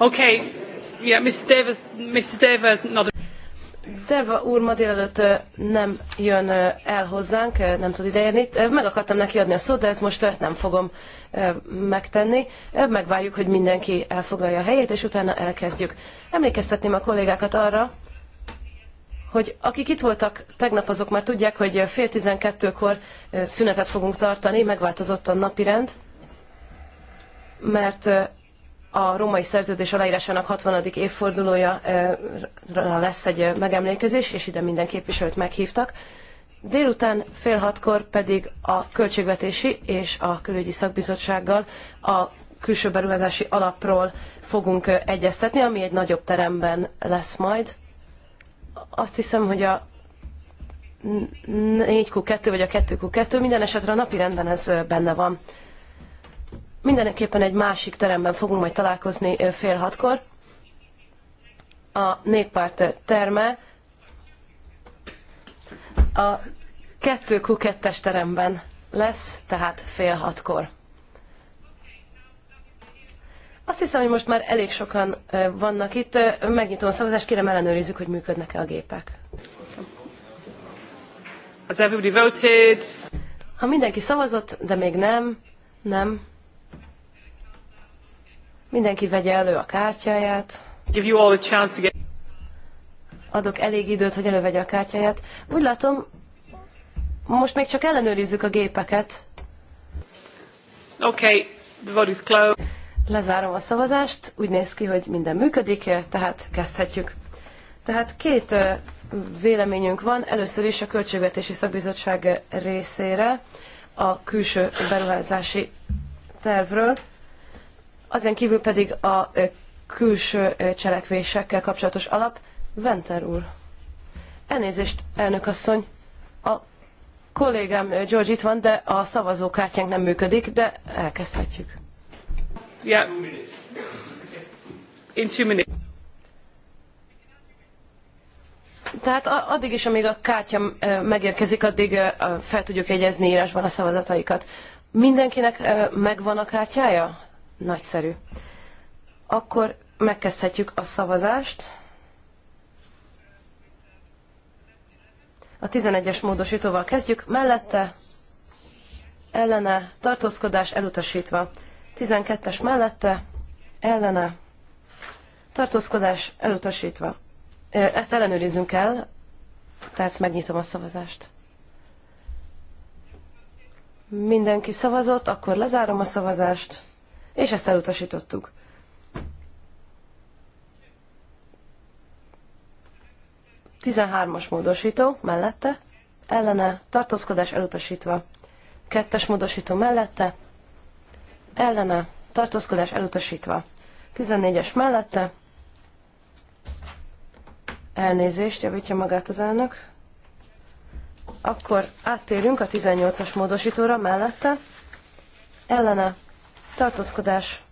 Okay. Yeah, Mr. Davis, Mr. Davis, not a... Deva úr ma délelőtt nem jön el hozzánk, nem tud idejönni. Meg akartam neki adni a szót, de ezt most nem fogom megtenni. Megvárjuk, hogy mindenki elfoglalja a helyét, és utána elkezdjük. Emlékeztetném a kollégákat arra, hogy akik itt voltak tegnap, azok már tudják, hogy fél tizenkettőkor szünetet fogunk tartani, megváltozott a napirend, mert a római szerződés aláírásának 60. évfordulója lesz egy megemlékezés, és ide minden képviselőt meghívtak. Délután fél hatkor pedig a költségvetési és a külügyi szakbizottsággal a külső beruházási alapról fogunk egyeztetni, ami egy nagyobb teremben lesz majd azt hiszem, hogy a 4Q2 vagy a 2Q2, minden esetre a napi rendben ez benne van. Mindenképpen egy másik teremben fogunk majd találkozni fél hatkor. A néppárt terme a 2Q2-es teremben lesz, tehát fél hatkor. Azt hiszem, hogy most már elég sokan vannak itt. Megnyitom a szavazást, kérem ellenőrizzük, hogy működnek-e a gépek. Has everybody voted? Ha mindenki szavazott, de még nem, nem. Mindenki vegye elő a kártyáját. Give you all a chance to get... Adok elég időt, hogy elővegye a kártyáját. Úgy látom, most még csak ellenőrizzük a gépeket. Okay, the vote is closed. Lezárom a szavazást, úgy néz ki, hogy minden működik, tehát kezdhetjük. Tehát két véleményünk van, először is a Költségvetési Szakbizottság részére a külső beruházási tervről, azon kívül pedig a külső cselekvésekkel kapcsolatos alap. Venter úr. Elnézést, elnök asszony. A kollégám George itt van, de a szavazókártyánk nem működik, de elkezdhetjük. Yeah. In two minutes. Tehát addig is, amíg a kártya megérkezik, addig fel tudjuk jegyezni írásban a szavazataikat. Mindenkinek megvan a kártyája? Nagyszerű. Akkor megkezdhetjük a szavazást. A 11-es módosítóval kezdjük, mellette ellene tartózkodás elutasítva. 12-es mellette, ellene, tartózkodás elutasítva. Ezt ellenőrizünk el, tehát megnyitom a szavazást. Mindenki szavazott, akkor lezárom a szavazást, és ezt elutasítottuk. Tizenhármas módosító mellette, ellene, tartózkodás elutasítva. Kettes módosító mellette, ellene, tartózkodás elutasítva. 14-es mellette, elnézést, javítja magát az elnök. Akkor áttérünk a 18-as módosítóra mellette, ellene, tartózkodás,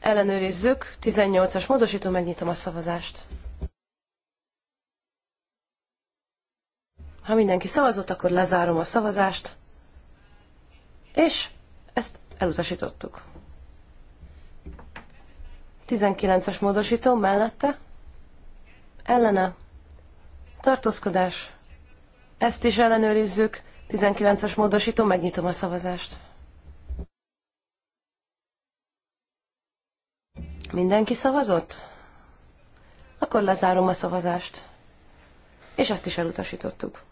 ellenőrizzük, 18-as módosító, megnyitom a szavazást. Ha mindenki szavazott, akkor lezárom a szavazást, és ezt elutasítottuk. 19-es módosító mellette, ellene, tartózkodás. Ezt is ellenőrizzük, 19-es módosító, megnyitom a szavazást. Mindenki szavazott? Akkor lezárom a szavazást. És azt is elutasítottuk.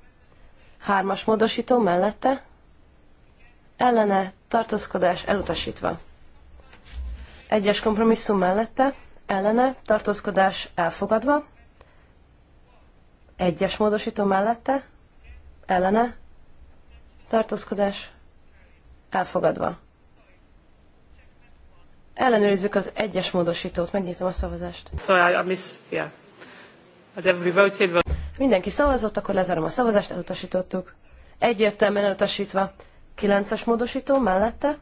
Hármas módosító mellette, ellene tartózkodás elutasítva. Egyes kompromisszum mellette ellene tartózkodás elfogadva. Egyes módosító mellette ellene tartózkodás elfogadva. Ellenőrizzük az egyes módosítót, megnyitom a szavazást. So I, I miss, yeah. Has everybody Mindenki szavazott, akkor lezárom a szavazást, elutasítottuk. Egyértelműen elutasítva kilences módosító mellette,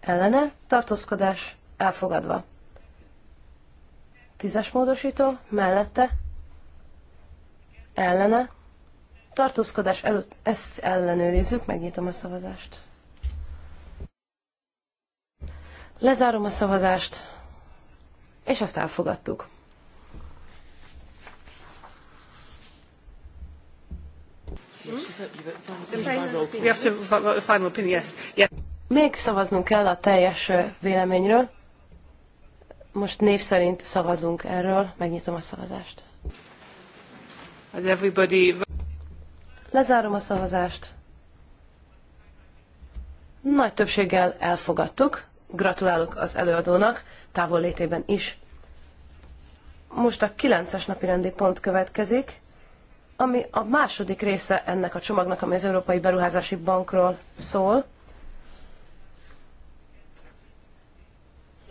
ellene, tartózkodás, elfogadva. tízes módosító mellette, ellene, tartózkodás előtt, ezt ellenőrizzük, megnyitom a szavazást. Lezárom a szavazást, és azt elfogadtuk. Még szavaznunk kell a teljes véleményről. Most név szerint szavazunk erről. Megnyitom a szavazást. Everybody... Lezárom a szavazást. Nagy többséggel elfogadtuk. Gratulálok az előadónak, távol létében is. Most a 9-es napi rendi pont következik ami a második része ennek a csomagnak, ami az Európai Beruházási Bankról szól.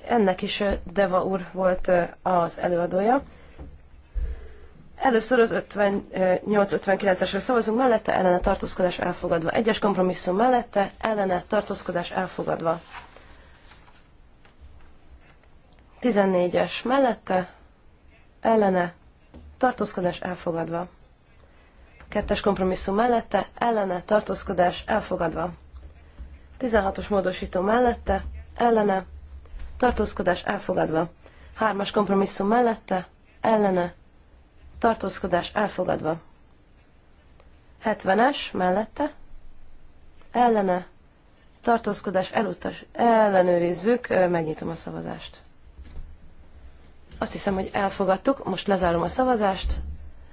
Ennek is Deva úr volt az előadója. Először az 58-59-esről szavazunk mellette, ellene tartózkodás elfogadva. Egyes kompromisszum mellette, ellene tartózkodás elfogadva. 14-es mellette, ellene tartózkodás elfogadva. Kettes kompromisszum mellette, ellene, tartózkodás elfogadva. 16-os módosító mellette, ellene, tartózkodás elfogadva. 3-as kompromisszum mellette, ellene, tartózkodás elfogadva. 70-es mellette, ellene, tartózkodás elutas, ellenőrizzük, megnyitom a szavazást. Azt hiszem, hogy elfogadtuk, most lezárom a szavazást,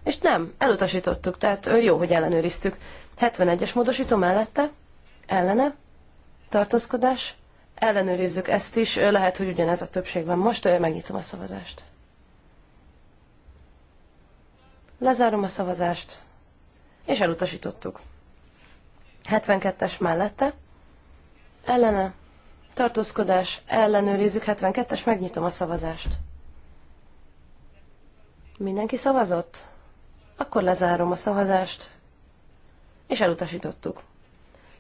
és nem, elutasítottuk, tehát jó, hogy ellenőriztük. 71-es módosító mellette, ellene, tartózkodás, ellenőrizzük ezt is, lehet, hogy ugyanez a többség van most, megnyitom a szavazást. Lezárom a szavazást, és elutasítottuk. 72-es mellette, ellene, tartózkodás, ellenőrizzük, 72-es, megnyitom a szavazást. Mindenki szavazott? Akkor lezárom a szavazást, és elutasítottuk.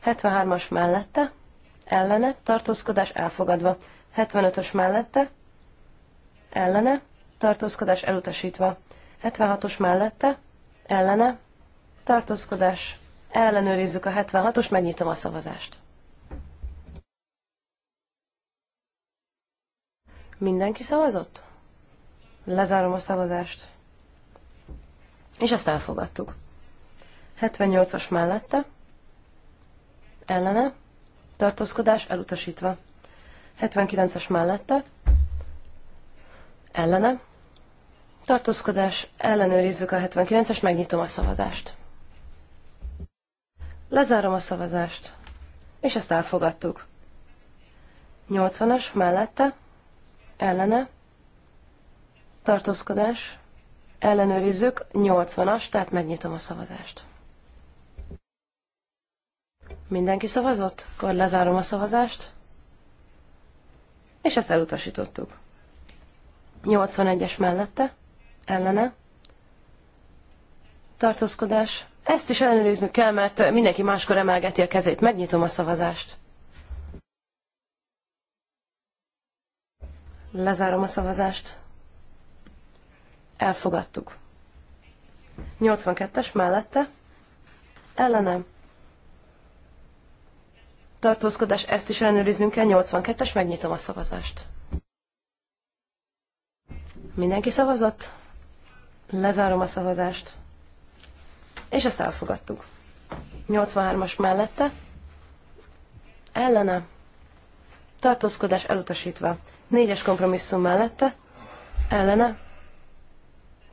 73-as mellette, ellene, tartózkodás elfogadva. 75-ös mellette, ellene, tartózkodás elutasítva. 76-os mellette, ellene, tartózkodás, ellenőrizzük a 76-os, megnyitom a szavazást. Mindenki szavazott? Lezárom a szavazást és ezt elfogadtuk. 78-as mellette, ellene, tartózkodás elutasítva. 79-es mellette, ellene, tartózkodás, ellenőrizzük a 79-es, megnyitom a szavazást. Lezárom a szavazást, és ezt elfogadtuk. 80-as mellette, ellene, tartózkodás, ellenőrizzük, 80-as, tehát megnyitom a szavazást. Mindenki szavazott? Akkor lezárom a szavazást. És ezt elutasítottuk. 81-es mellette, ellene. Tartózkodás. Ezt is ellenőrizni kell, mert mindenki máskor emelgeti a kezét. Megnyitom a szavazást. Lezárom a szavazást elfogadtuk. 82-es mellette, ellenem, tartózkodás, ezt is ellenőriznünk kell, 82-es, megnyitom a szavazást. Mindenki szavazott? Lezárom a szavazást. És ezt elfogadtuk. 83-as mellette, ellene, tartózkodás elutasítva. 4-es kompromisszum mellette, ellene,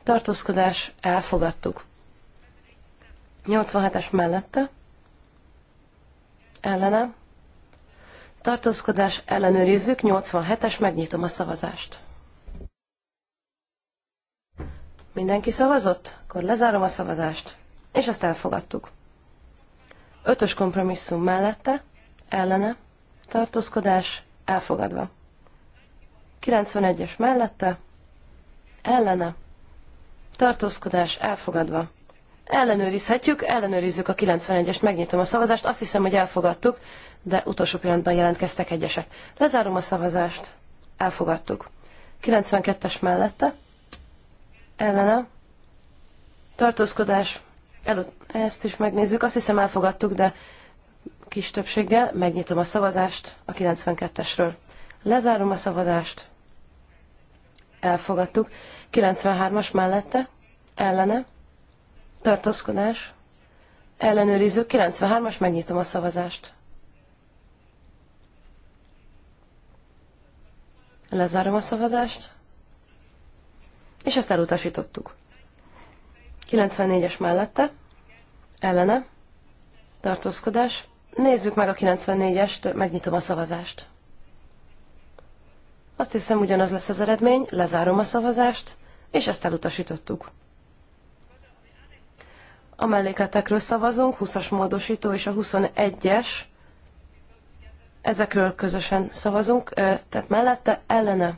tartózkodás, elfogadtuk. 87-es mellette, ellene, tartózkodás, ellenőrizzük, 87-es, megnyitom a szavazást. Mindenki szavazott? Akkor lezárom a szavazást. És azt elfogadtuk. Ötös kompromisszum mellette, ellene, tartózkodás, elfogadva. 91-es mellette, ellene, tartózkodás elfogadva. Ellenőrizhetjük, ellenőrizzük a 91-est, megnyitom a szavazást, azt hiszem, hogy elfogadtuk, de utolsó pillanatban jelentkeztek egyesek. Lezárom a szavazást, elfogadtuk. 92-es mellette, ellene, tartózkodás, el, ezt is megnézzük, azt hiszem elfogadtuk, de kis többséggel megnyitom a szavazást a 92-esről. Lezárom a szavazást, elfogadtuk. 93-as mellette, ellene, tartózkodás, ellenőriző, 93-as, megnyitom a szavazást. Lezárom a szavazást, és ezt elutasítottuk. 94-es mellette, ellene, tartózkodás. Nézzük meg a 94-est, megnyitom a szavazást. Azt hiszem, ugyanaz lesz az eredmény, lezárom a szavazást, és ezt elutasítottuk. A mellékletekről szavazunk, 20-as módosító és a 21-es. Ezekről közösen szavazunk, tehát mellette ellene.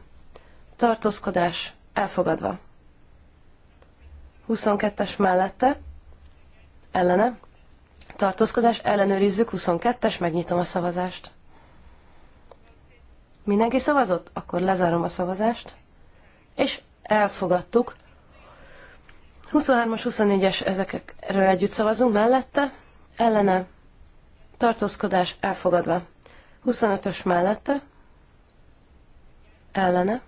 Tartózkodás elfogadva. 22-es mellette ellene. Tartózkodás ellenőrizzük, 22-es, megnyitom a szavazást. Mindenki szavazott? Akkor lezárom a szavazást. És elfogadtuk. 23-as, 24-es ezekről együtt szavazunk mellette, ellene, tartózkodás elfogadva. 25-ös mellette, ellene,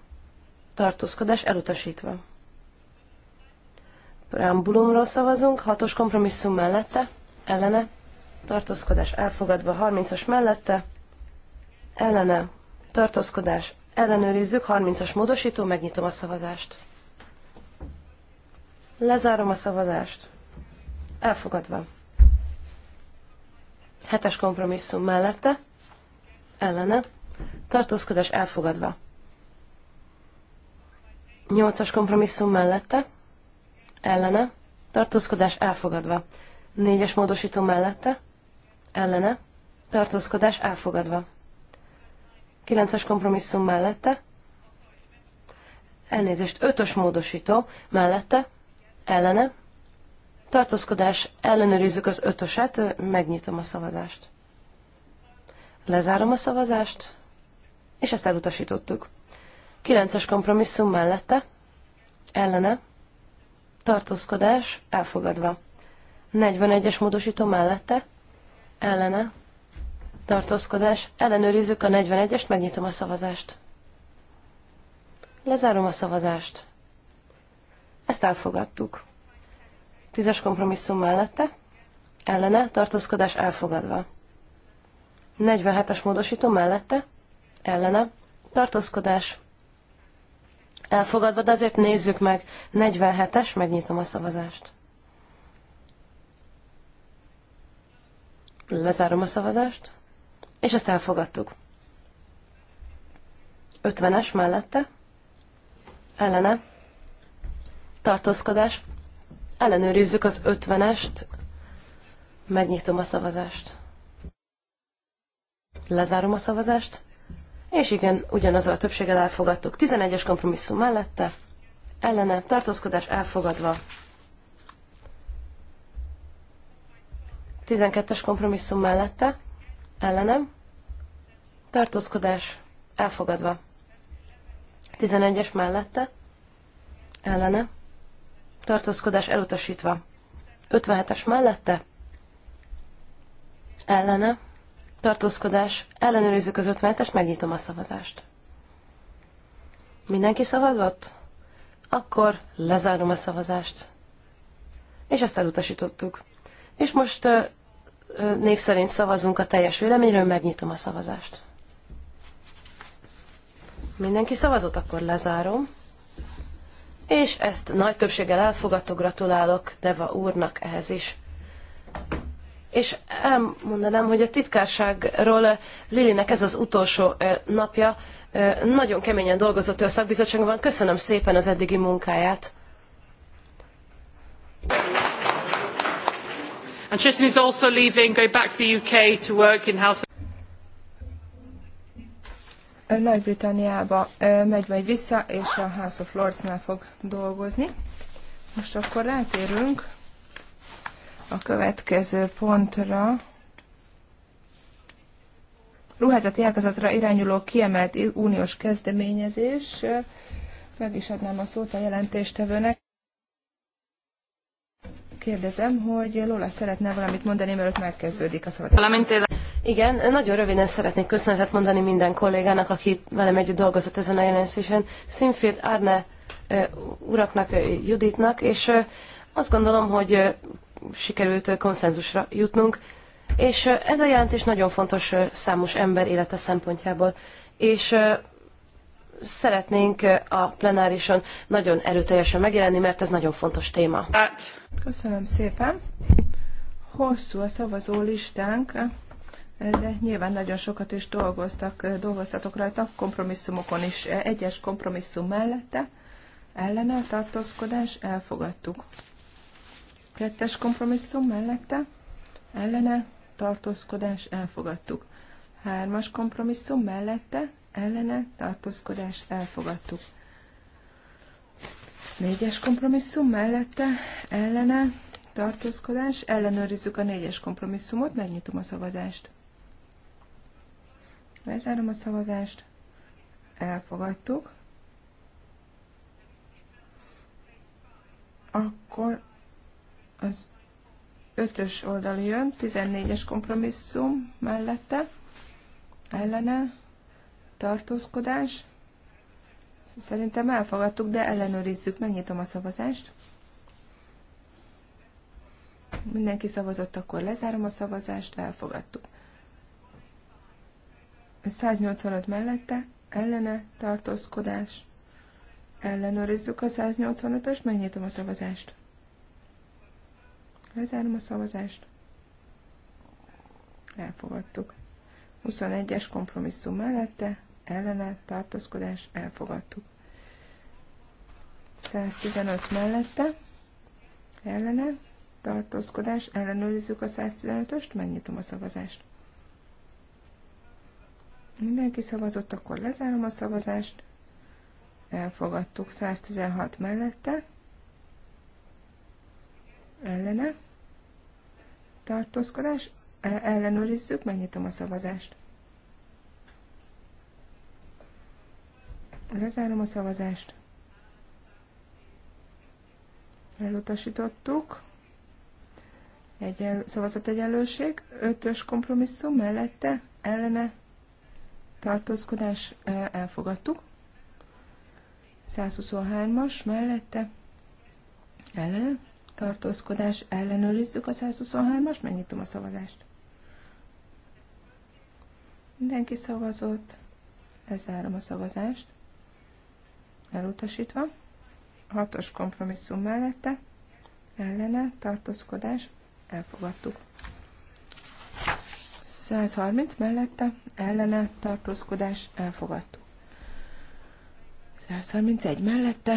tartózkodás elutasítva. Preambulumról szavazunk, 6-os kompromisszum mellette, ellene, tartózkodás elfogadva, 30-as mellette, ellene, tartózkodás, ellenőrizzük, 30-as módosító, megnyitom a szavazást. Lezárom a szavazást. Elfogadva. Hetes kompromisszum mellette, ellene, tartózkodás elfogadva. Nyolcas kompromisszum mellette, ellene, tartózkodás elfogadva. Négyes módosító mellette, ellene, tartózkodás elfogadva. 9-es kompromisszum mellette, elnézést, 5-ös módosító mellette, ellene, tartózkodás, ellenőrizzük az 5-öset, megnyitom a szavazást. Lezárom a szavazást, és ezt elutasítottuk. 9-es kompromisszum mellette, ellene, tartózkodás, elfogadva. 41-es módosító mellette, ellene, tartózkodás, ellenőrizzük a 41-est, megnyitom a szavazást. Lezárom a szavazást. Ezt elfogadtuk. Tízes kompromisszum mellette, ellene, tartózkodás elfogadva. 47-es módosító mellette, ellene, tartózkodás elfogadva, de azért nézzük meg. 47-es, megnyitom a szavazást. Lezárom a szavazást és ezt elfogadtuk. 50-es mellette, ellene, tartózkodás, ellenőrizzük az 50-est, megnyitom a szavazást. Lezárom a szavazást, és igen, ugyanazzal a többséggel elfogadtuk. 11-es kompromisszum mellette, ellene, tartózkodás elfogadva. 12-es kompromisszum mellette, ellenem, tartózkodás elfogadva. 11-es mellette, ellene, tartózkodás elutasítva. 57-es mellette, ellene, tartózkodás, ellenőrizzük az 57-est, megnyitom a szavazást. Mindenki szavazott? Akkor lezárom a szavazást. És ezt elutasítottuk. És most név szerint szavazunk a teljes véleményről, megnyitom a szavazást. Mindenki szavazott, akkor lezárom. És ezt nagy többséggel elfogadtuk, gratulálok Deva úrnak ehhez is. És elmondanám, hogy a titkárságról Lilinek ez az utolsó napja. Nagyon keményen dolgozott ő a szakbizottságban. Köszönöm szépen az eddigi munkáját. Thank you. And Tristan is also leaving, going back to the UK to work in House nagy-Britanniába megy majd vissza, és a House of Lords-nál fog dolgozni. Most akkor rátérünk a következő pontra. Ruházati ágazatra irányuló kiemelt uniós kezdeményezés. Meg is adnám a szót a jelentéstevőnek kérdezem, hogy Lola szeretne valamit mondani, mielőtt megkezdődik a szavazás. Igen, nagyon röviden szeretnék köszönetet mondani minden kollégának, aki velem együtt dolgozott ezen a jelentésen. Színfér Arne uraknak, Juditnak, és azt gondolom, hogy sikerült konszenzusra jutnunk, és ez a jelentés nagyon fontos számos ember élete szempontjából. És szeretnénk a plenárison nagyon erőteljesen megjelenni, mert ez nagyon fontos téma. Köszönöm szépen. Hosszú a szavazó listánk, de nyilván nagyon sokat is dolgoztak, dolgoztatok rajta, kompromisszumokon is, egyes kompromisszum mellette, ellene tartózkodás, elfogadtuk. Kettes kompromisszum mellette, ellene tartózkodás, elfogadtuk. Hármas kompromisszum mellette, ellene tartózkodás elfogadtuk. Négyes kompromisszum mellette ellene tartózkodás, ellenőrizzük a négyes kompromisszumot, megnyitom a szavazást. Lezárom a szavazást, elfogadtuk. Akkor az ötös oldal jön, 14-es kompromisszum mellette, ellene, tartózkodás. Szerintem elfogadtuk, de ellenőrizzük. Megnyitom a szavazást. Mindenki szavazott, akkor lezárom a szavazást, elfogadtuk. 185 mellette, ellene, tartózkodás. Ellenőrizzük a 185-öst, megnyitom a szavazást. Lezárom a szavazást. Elfogadtuk. 21-es kompromisszum mellette, ellene tartózkodás elfogadtuk. 115 mellette ellene tartózkodás ellenőrizzük a 115-öst, megnyitom a szavazást. Mindenki szavazott, akkor lezárom a szavazást. Elfogadtuk 116 mellette ellene tartózkodás e- ellenőrizzük, megnyitom a szavazást. Lezárom a szavazást. Elutasítottuk. Egyel, szavazategyenlőség. Ötös kompromisszum mellette, ellene, tartózkodás e, elfogadtuk. 123-as mellette, ellene, tartózkodás ellenőrizzük a 123-as, megnyitom a szavazást. Mindenki szavazott, lezárom a szavazást elutasítva, hatos kompromisszum mellette, ellene, tartózkodás, elfogadtuk. 130 mellette, ellene, tartózkodás, elfogadtuk. 131 mellette,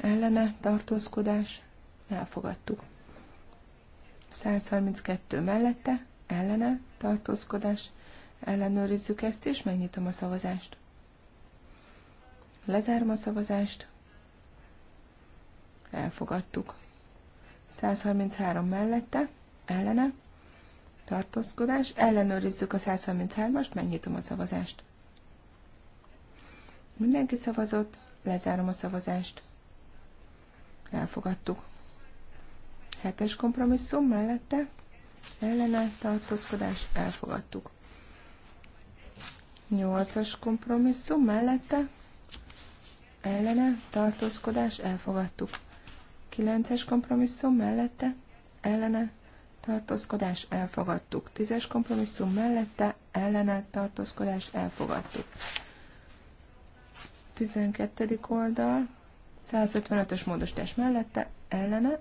ellene, tartózkodás, elfogadtuk. 132 mellette, ellene, tartózkodás, ellenőrizzük ezt, és megnyitom a szavazást. Lezárom a szavazást. Elfogadtuk. 133 mellette, ellene, tartózkodás. Ellenőrizzük a 133-ast, megnyitom a szavazást. Mindenki szavazott, lezárom a szavazást. Elfogadtuk. Hetes kompromisszum mellette, ellene, tartózkodás, elfogadtuk. Nyolcas kompromisszum mellette, ellene, tartózkodás, elfogadtuk. kilences kompromisszum mellette, ellene, tartózkodás, elfogadtuk. Tízes kompromisszum mellette, ellene, tartózkodás, elfogadtuk. 12. oldal, 155-ös módosítás mellette, ellene,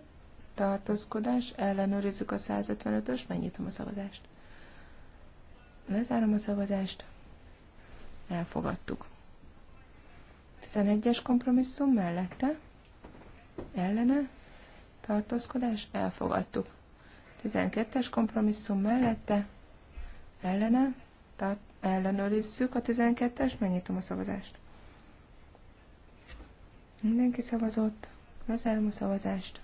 tartózkodás, ellenőrizzük a 155-ös, megnyitom a szavazást. Lezárom a szavazást. Elfogadtuk. 11-es kompromisszum mellette, ellene, tartózkodás, elfogadtuk. 12-es kompromisszum mellette, ellene, tart, ellenőrizzük a 12 es megnyitom a szavazást. Mindenki szavazott, lezárom a szavazást,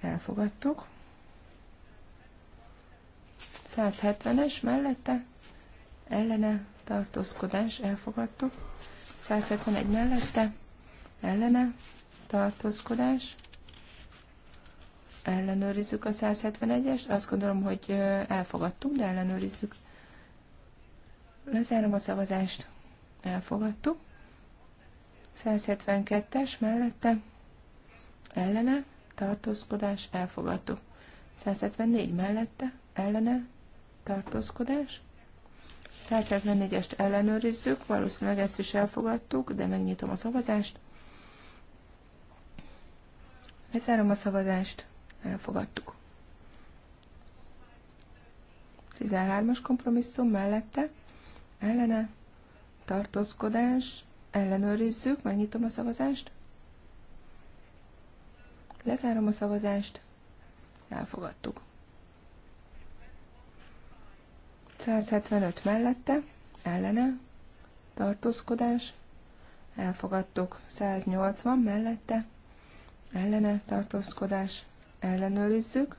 elfogadtuk. 170-es mellette, ellene, tartózkodás, elfogadtuk. 171 mellette, ellene, tartózkodás. Ellenőrizzük a 171-est. Azt gondolom, hogy elfogadtuk, de ellenőrizzük. Lezárom a szavazást. Elfogadtuk. 172-es mellette, ellene, tartózkodás, elfogadtuk. 174 mellette, ellene, tartózkodás, 174-est ellenőrizzük, valószínűleg ezt is elfogadtuk, de megnyitom a szavazást. Lezárom a szavazást, elfogadtuk. 13-as kompromisszum mellette, ellene, tartózkodás, ellenőrizzük, megnyitom a szavazást. Lezárom a szavazást, elfogadtuk. 175 mellette, ellene, tartózkodás, elfogadtuk. 180 mellette, ellene, tartózkodás, ellenőrizzük.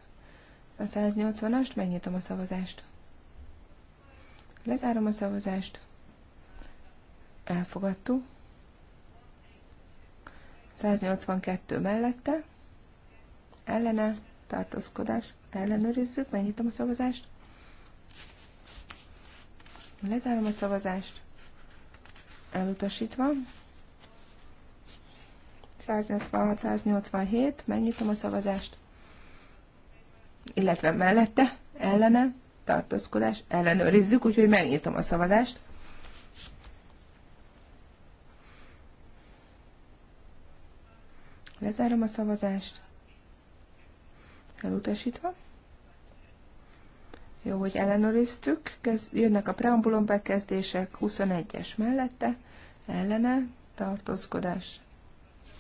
A 180-ast, megnyitom a szavazást. Lezárom a szavazást. Elfogadtuk. 182 mellette, ellene, tartózkodás, ellenőrizzük, megnyitom a szavazást. Lezárom a szavazást. Elutasítva. 186-187, megnyitom a szavazást. Illetve mellette, ellene, tartózkodás, ellenőrizzük, úgyhogy megnyitom a szavazást. Lezárom a szavazást. Elutasítva. Jó, hogy ellenőriztük. jönnek a preambulum bekezdések, 21-es mellette, ellene, tartózkodás.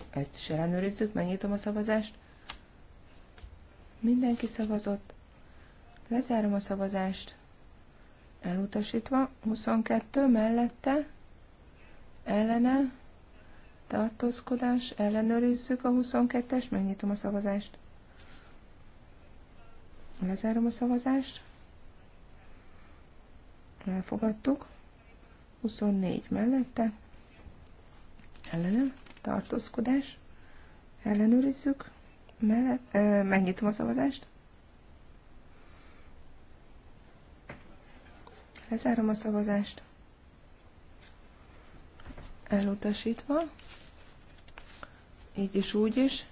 Ezt is ellenőrizzük, megnyitom a szavazást. Mindenki szavazott. Lezárom a szavazást. Elutasítva, 22 mellette, ellene, tartózkodás, ellenőrizzük a 22-est, megnyitom a szavazást. Lezárom a szavazást elfogadtuk. 24 mellette, ellenem tartózkodás, ellenőrizzük, mellett, ö, megnyitom a szavazást. Lezárom a szavazást. Elutasítva. Így is, úgy is.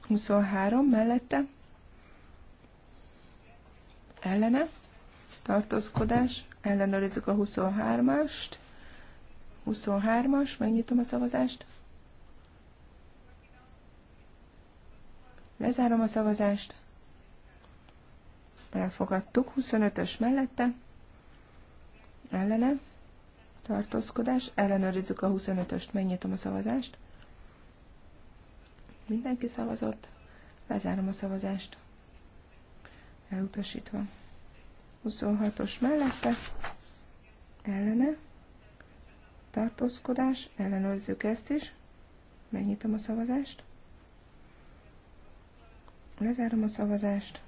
Huszonhárom mellette ellene, tartózkodás, ellenőrizzük a 23-ast, 23-as, megnyitom a szavazást, lezárom a szavazást, elfogadtuk, 25-ös mellette, ellene, tartózkodás, ellenőrizzük a 25-öst, megnyitom a szavazást, mindenki szavazott, lezárom a szavazást, elutasítva. 26-os mellette, ellene, tartózkodás, ellenőrzük ezt is, megnyitom a szavazást, lezárom a szavazást,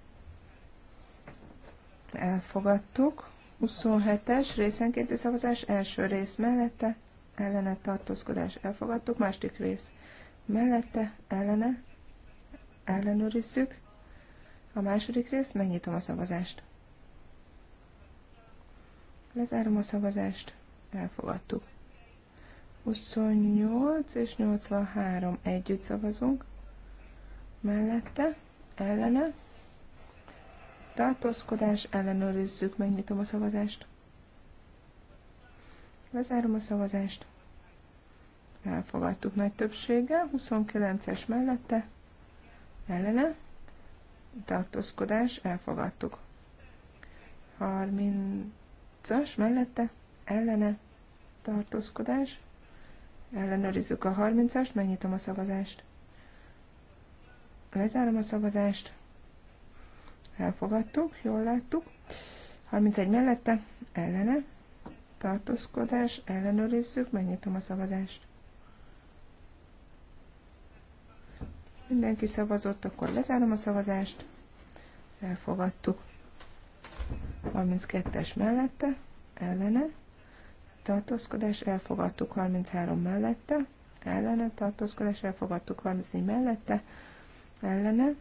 elfogadtuk, 27-es részenkénti szavazás első rész mellette, ellene tartózkodás elfogadtuk, második rész mellette, ellene, ellenőrizzük, a második részt megnyitom a szavazást. Lezárom a szavazást. Elfogadtuk. 28 és 83 együtt szavazunk. Mellette, ellene. Tartózkodás, ellenőrizzük, megnyitom a szavazást. Lezárom a szavazást. Elfogadtuk nagy többséggel, 29-es mellette, ellene tartózkodás, elfogadtuk. 30-as mellette, ellene, tartózkodás, ellenőrizzük a 30-ast, megnyitom a szavazást. Lezárom a szavazást, elfogadtuk, jól láttuk. 31 mellette, ellene, tartózkodás, ellenőrizzük, megnyitom a szavazást. Mindenki szavazott, akkor lezárom a szavazást. Elfogadtuk. 32-es mellette, ellene, tartózkodás, elfogadtuk 33 mellette, ellene, tartózkodás, elfogadtuk 34 mellette, ellene,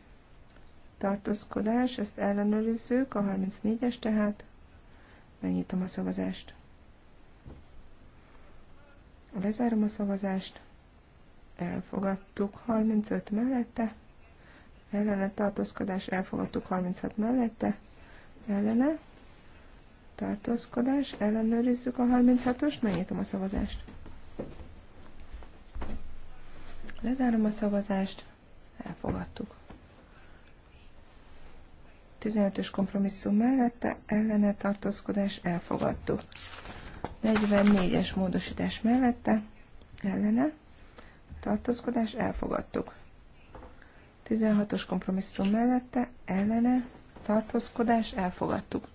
tartózkodás, ezt ellenőrizzük, a 34-es tehát, megnyitom a szavazást. Lezárom a szavazást elfogadtuk 35 mellette, ellene tartózkodás, elfogadtuk 36 mellette, ellene tartózkodás, ellenőrizzük a 36-ost, megnyitom a szavazást. Lezárom a szavazást, elfogadtuk. 15-ös kompromisszum mellette ellene tartózkodás elfogadtuk. 44-es módosítás mellette ellene tartózkodás elfogadtuk. 16-os kompromisszum mellette ellene tartózkodás elfogadtuk.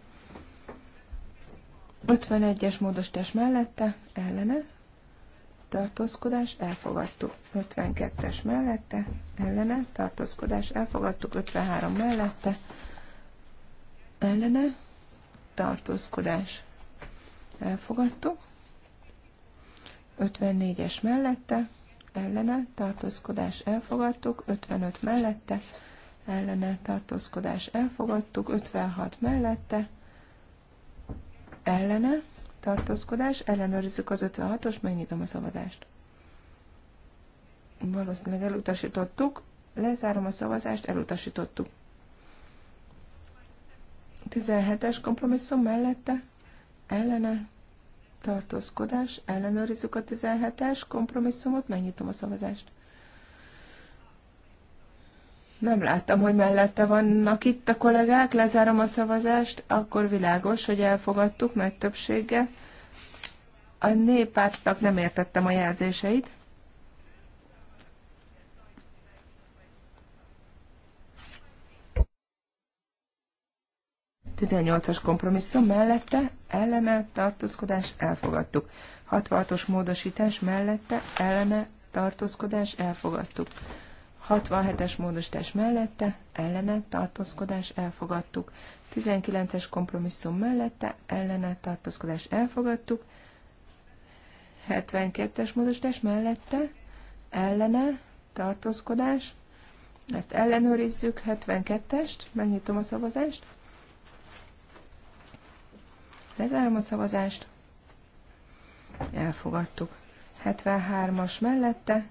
51-es módosítás mellette ellene tartózkodás elfogadtuk. 52-es mellette ellene tartózkodás elfogadtuk. 53 mellette ellene tartózkodás elfogadtuk. 54-es mellette ellene tartózkodás elfogadtuk, 55 mellette ellene tartózkodás elfogadtuk, 56 mellette ellene tartózkodás, ellenőrizzük az 56-os, megnyitom a szavazást. Valószínűleg elutasítottuk, lezárom a szavazást, elutasítottuk. 17-es kompromisszum mellette ellene tartózkodás, ellenőrizzük a 17-es kompromisszumot, megnyitom a szavazást. Nem láttam, hogy mellette vannak itt a kollégák, lezárom a szavazást, akkor világos, hogy elfogadtuk nagy többsége. A néppártnak nem értettem a jelzéseit. 18-as kompromisszum mellette ellene tartózkodás elfogadtuk. 66-os módosítás mellette ellene tartózkodás elfogadtuk. 67-es módosítás mellette ellene tartózkodás elfogadtuk. 19-es kompromisszum mellette ellene tartózkodás elfogadtuk. 72-es módosítás mellette ellene tartózkodás. Ezt ellenőrizzük, 72-est, megnyitom a szavazást. Lezárom a szavazást. Elfogadtuk. 73-as mellette,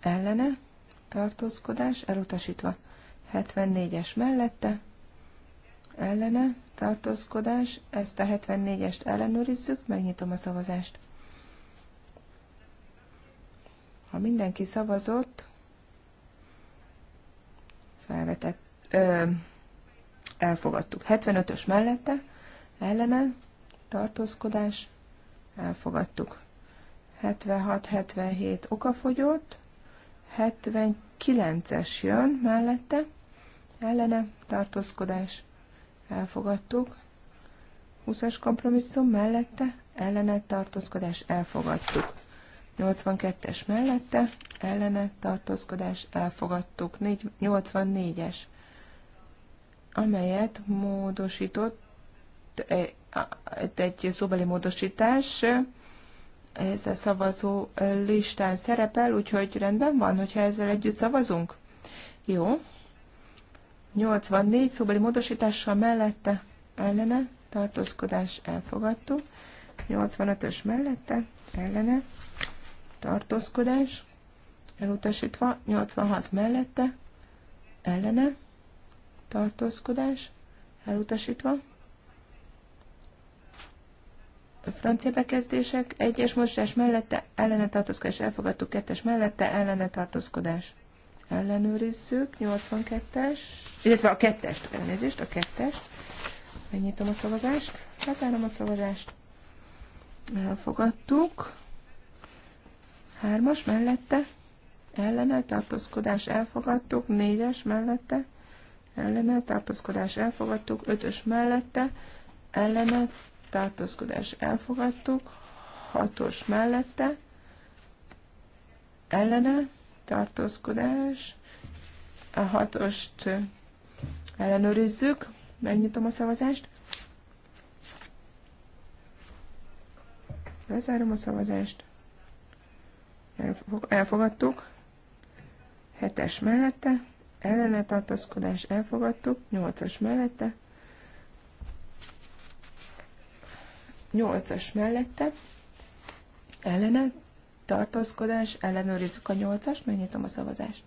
ellene, tartózkodás, elutasítva. 74-es mellette, ellene, tartózkodás, ezt a 74-est ellenőrizzük, megnyitom a szavazást. Ha mindenki szavazott, felvetett, ö, elfogadtuk. 75-ös mellette, ellene, tartózkodás, elfogadtuk. 76-77 okafogyott, 79-es jön mellette, ellene, tartózkodás, elfogadtuk. 20-as kompromisszum mellette, ellene, tartózkodás, elfogadtuk. 82-es mellette, ellene, tartózkodás, elfogadtuk. 84-es, amelyet módosított volt egy szóbeli módosítás, ez a szavazó listán szerepel, úgyhogy rendben van, hogyha ezzel együtt szavazunk? Jó. 84 szóbeli módosítással mellette ellene tartózkodás elfogadtuk. 85-ös mellette ellene tartózkodás elutasítva. 86 mellette ellene tartózkodás elutasítva francia bekezdések, egyes mosás mellette ellene tartózkodás elfogadtuk, kettes mellette ellene tartózkodás ellenőrizzük, 82-es, illetve a kettest, elnézést, a kettest, megnyitom a szavazást, lezárom a szavazást, elfogadtuk, hármas mellette, ellene tartózkodás elfogadtuk, négyes mellette, ellene tartózkodás elfogadtuk, ötös mellette, ellene tartózkodás elfogadtuk, hatos mellette, ellene, tartózkodás, a hatost ellenőrizzük, megnyitom a szavazást, lezárom a szavazást, elfogadtuk, hetes mellette, ellene tartózkodás elfogadtuk, nyolcas mellette, 8-as mellette, ellene, tartózkodás, ellenőrizzük a 8-ast, megnyitom a szavazást.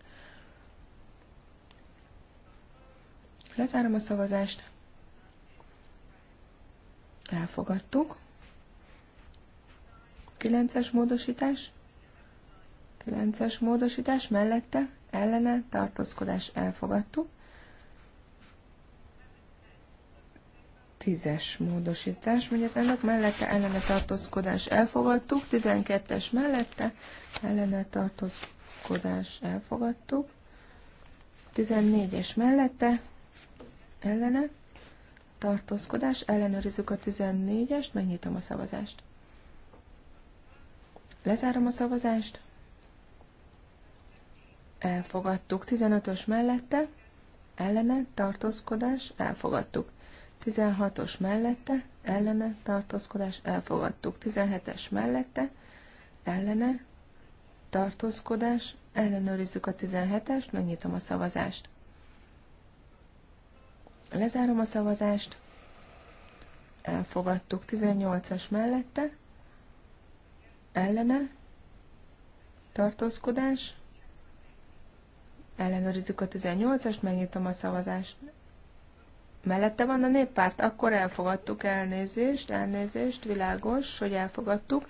Lezárom a szavazást. Elfogadtuk. 9-es módosítás. 9-es módosítás mellette ellene tartózkodás elfogadtuk. Tízes módosítás, hogy az ennek mellette ellene tartózkodás elfogadtuk, 12-es mellette ellene tartózkodás elfogadtuk, 14-es mellette ellene tartózkodás, ellenőrizzük a 14-est, megnyitom a szavazást. Lezárom a szavazást. Elfogadtuk. 15-ös mellette, ellene, tartózkodás, elfogadtuk. 16-os mellette, ellene, tartózkodás, elfogadtuk. 17-es mellette, ellene, tartózkodás, ellenőrizzük a 17-est, megnyitom a szavazást. Lezárom a szavazást, elfogadtuk. 18-as mellette, ellene, tartózkodás, ellenőrizzük a 18 est megnyitom a szavazást, mellette van a néppárt, akkor elfogadtuk elnézést, elnézést, világos, hogy elfogadtuk.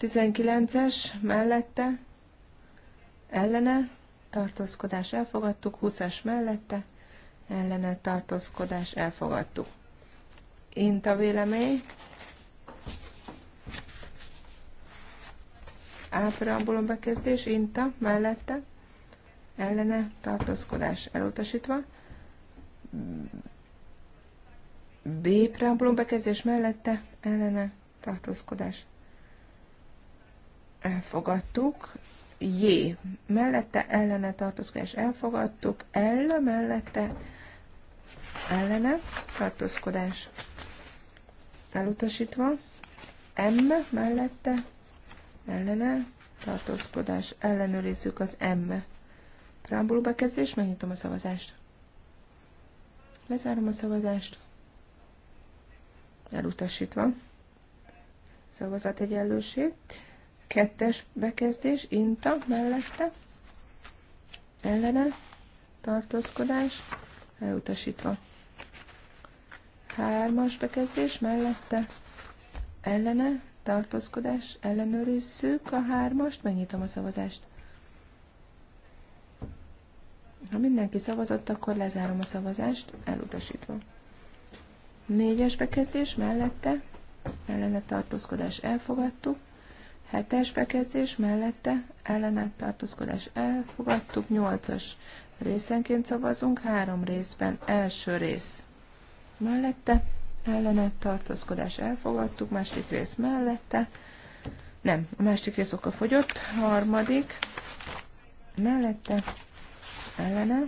19-es mellette, ellene, tartózkodás elfogadtuk, 20-as mellette, ellene, tartózkodás elfogadtuk. a vélemény. Ápreambulum bekezdés, inta, mellette, ellene, tartózkodás elutasítva B preambulum bekezdés mellette ellene tartózkodás. Elfogadtuk. J mellette ellene tartózkodás elfogadtuk. L mellette ellene tartózkodás elutasítva. M mellette ellene tartózkodás ellenőrizzük az M preambulum bekezdés. Megnyitom a szavazást. Lezárom a szavazást elutasítva. Szavazat egyenlőség. Kettes bekezdés, inta mellette, ellene, tartózkodás, elutasítva. Hármas bekezdés mellette, ellene, tartózkodás, ellenőrizzük a hármast, megnyitom a szavazást. Ha mindenki szavazott, akkor lezárom a szavazást, elutasítva. Négyes bekezdés mellette, ellene tartózkodás elfogadtuk. Hetes bekezdés mellette, ellene tartózkodás elfogadtuk. Nyolcas részenként szavazunk, három részben, első rész mellette, ellene tartózkodás elfogadtuk, másik rész mellette, nem, a másik rész oka fogyott, harmadik, mellette, ellene,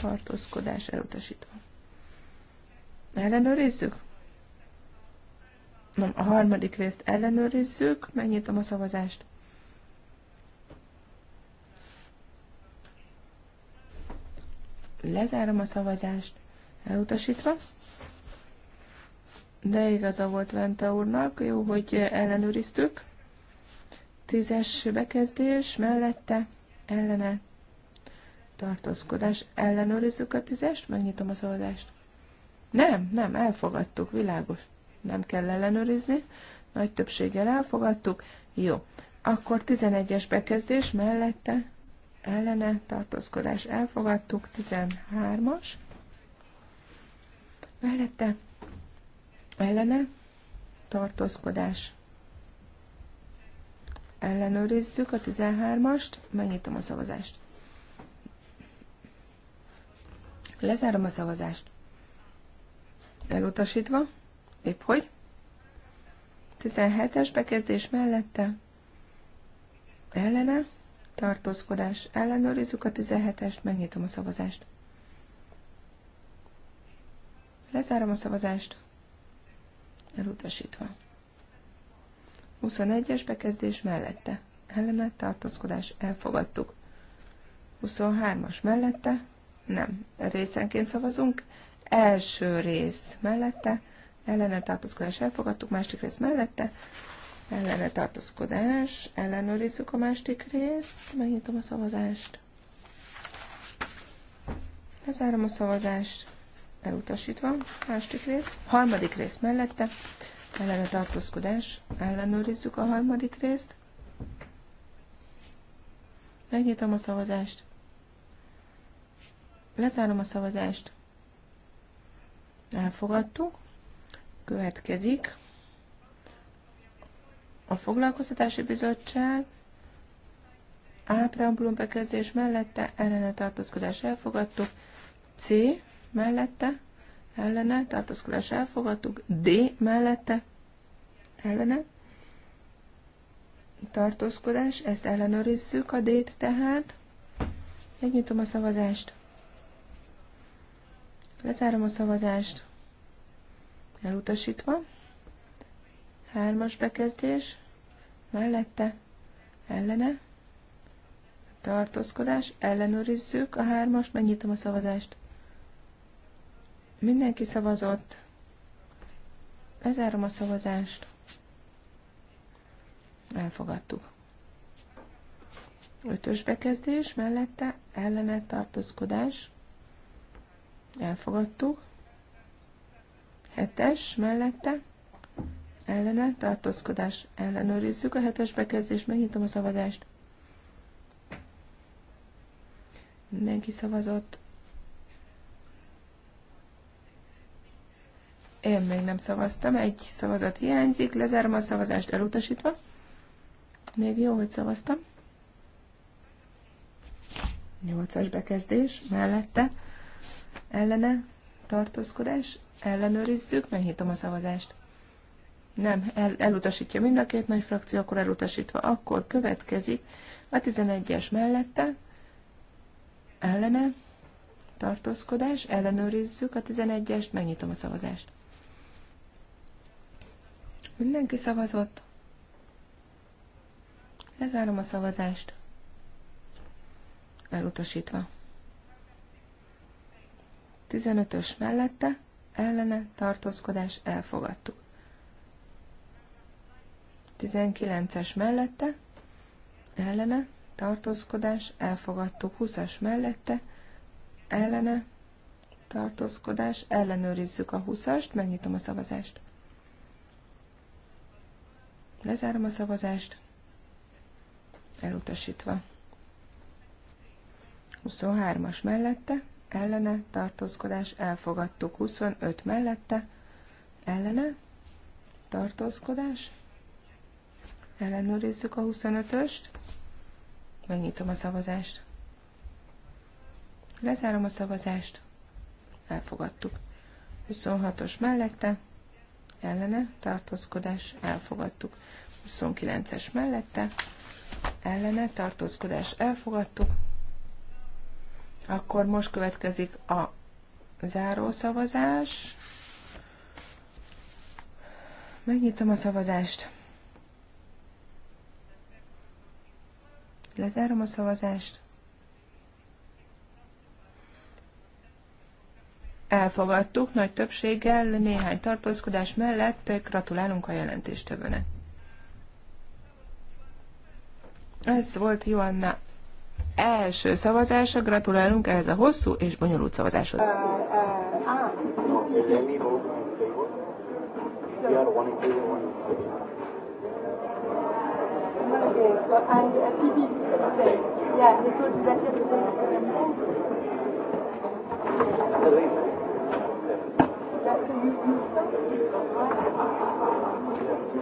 tartózkodás elutasítva. Ellenőrizzük? Nem, a harmadik részt ellenőrizzük, megnyitom a szavazást. Lezárom a szavazást, elutasítva. De igaza volt Vente úrnak, jó, hogy ellenőriztük. Tízes bekezdés mellette, ellene, tartózkodás. Ellenőrizzük a tízest, megnyitom a szavazást. Nem, nem, elfogadtuk, világos. Nem kell ellenőrizni. Nagy többséggel elfogadtuk. Jó. Akkor 11-es bekezdés mellette ellene tartózkodás elfogadtuk. 13-as mellette ellene tartózkodás ellenőrizzük a 13-ast, megnyitom a szavazást. Lezárom a szavazást elutasítva, épp hogy. 17-es bekezdés mellette ellene, tartózkodás ellenőrizzük a 17-est, megnyitom a szavazást. Lezárom a szavazást, elutasítva. 21-es bekezdés mellette ellene, tartózkodás elfogadtuk. 23-as mellette nem. Részenként szavazunk, Első rész mellette, ellene tartózkodás elfogadtuk, másik rész mellette, ellene tartózkodás, ellenőrizzük a másik részt, megnyitom a szavazást. Lezárom a szavazást, elutasítva, másik rész, harmadik rész mellette, ellene tartózkodás, ellenőrizzük a harmadik részt. Megnyitom a szavazást. Lezárom a szavazást elfogadtuk. Következik a Foglalkoztatási Bizottság A preambulum bekezdés mellette ellene tartózkodás elfogadtuk, C mellette ellene tartózkodás elfogadtuk, D mellette ellene tartózkodás, ezt ellenőrizzük a D-t tehát. Megnyitom a szavazást. Lezárom a szavazást. Elutasítva. Hármas bekezdés. Mellette. Ellene. Tartózkodás. Ellenőrizzük a hármast. Megnyitom a szavazást. Mindenki szavazott. Lezárom a szavazást. Elfogadtuk. Ötös bekezdés mellette ellene tartózkodás elfogadtuk. Hetes mellette ellene tartózkodás ellenőrizzük a hetes bekezdést, megnyitom a szavazást. Mindenki szavazott. Én még nem szavaztam, egy szavazat hiányzik, lezárom a szavazást elutasítva. Még jó, hogy szavaztam. Nyolcas bekezdés mellette ellene, tartózkodás, ellenőrizzük, megnyitom a szavazást. Nem, el, elutasítja mind a két nagy frakció, akkor elutasítva, akkor következik a 11-es mellette, ellene, tartózkodás, ellenőrizzük a 11-est, megnyitom a szavazást. Mindenki szavazott. Lezárom a szavazást. Elutasítva. 15-ös mellette ellene tartózkodás elfogadtuk. 19-es mellette ellene tartózkodás elfogadtuk. 20-as mellette ellene tartózkodás ellenőrizzük a 20-ast, megnyitom a szavazást. Lezárom a szavazást, elutasítva. 23-as mellette ellene tartózkodás elfogadtuk. 25 mellette ellene tartózkodás. Ellenőrizzük a 25-öst. Megnyitom a szavazást. Lezárom a szavazást. Elfogadtuk. 26-os mellette ellene tartózkodás. Elfogadtuk. 29-es mellette ellene tartózkodás. Elfogadtuk. Akkor most következik a zárószavazás. Megnyitom a szavazást. Lezárom a szavazást. Elfogadtuk nagy többséggel, néhány tartózkodás mellett gratulálunk a jelentéstevőnek. Ez volt Joanna első szavazása Gratulálunk ehhez a hosszú és bonyolult szavazáshoz.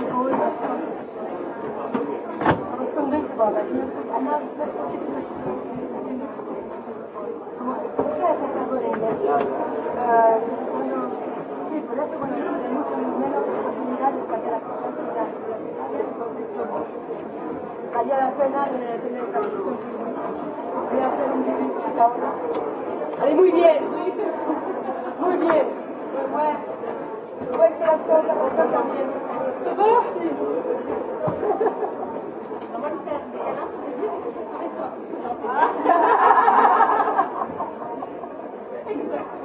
Thank you don't think about it. And that's, that's what you do. Szeretek ebből rengetni. Főleg, hogy a mutató Valía la pena tener esta discusión. Voy a hacer un vídeo ahora. Ahí, muy bien, muy bien. Pues bueno, voy a esperar toda la también. Exactly.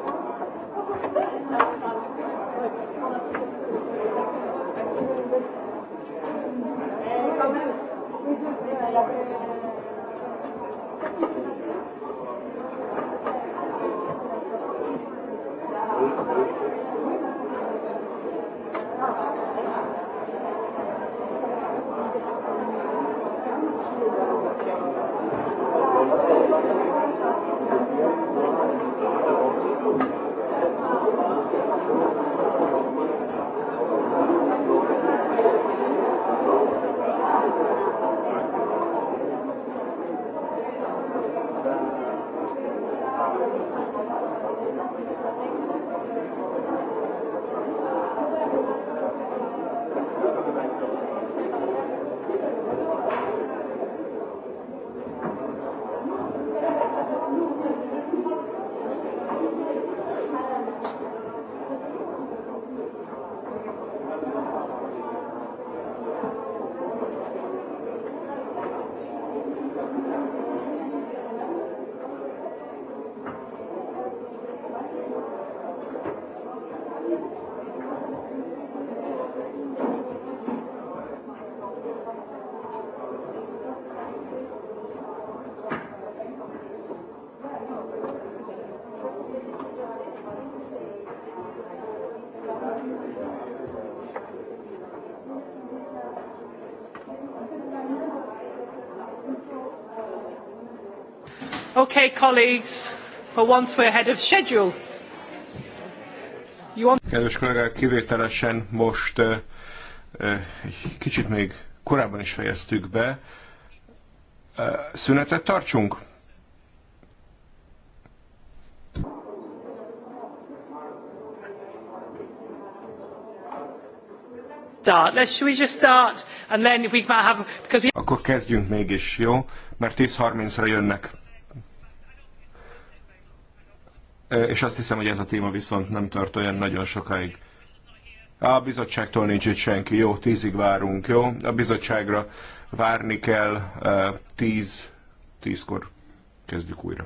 Okay, colleagues, for once we're ahead of schedule. You want... Kedves kollégák, kivételesen most egy kicsit még korábban is fejeztük be. Szünetet tartsunk? start. Let's, we just start and then we might have because we... Akkor kezdjünk mégis, jó? Mert 10.30-ra jönnek és azt hiszem, hogy ez a téma viszont nem tart olyan nagyon sokáig. A bizottságtól nincs itt senki, jó, tízig várunk, jó? A bizottságra várni kell, tíz, tízkor kezdjük újra.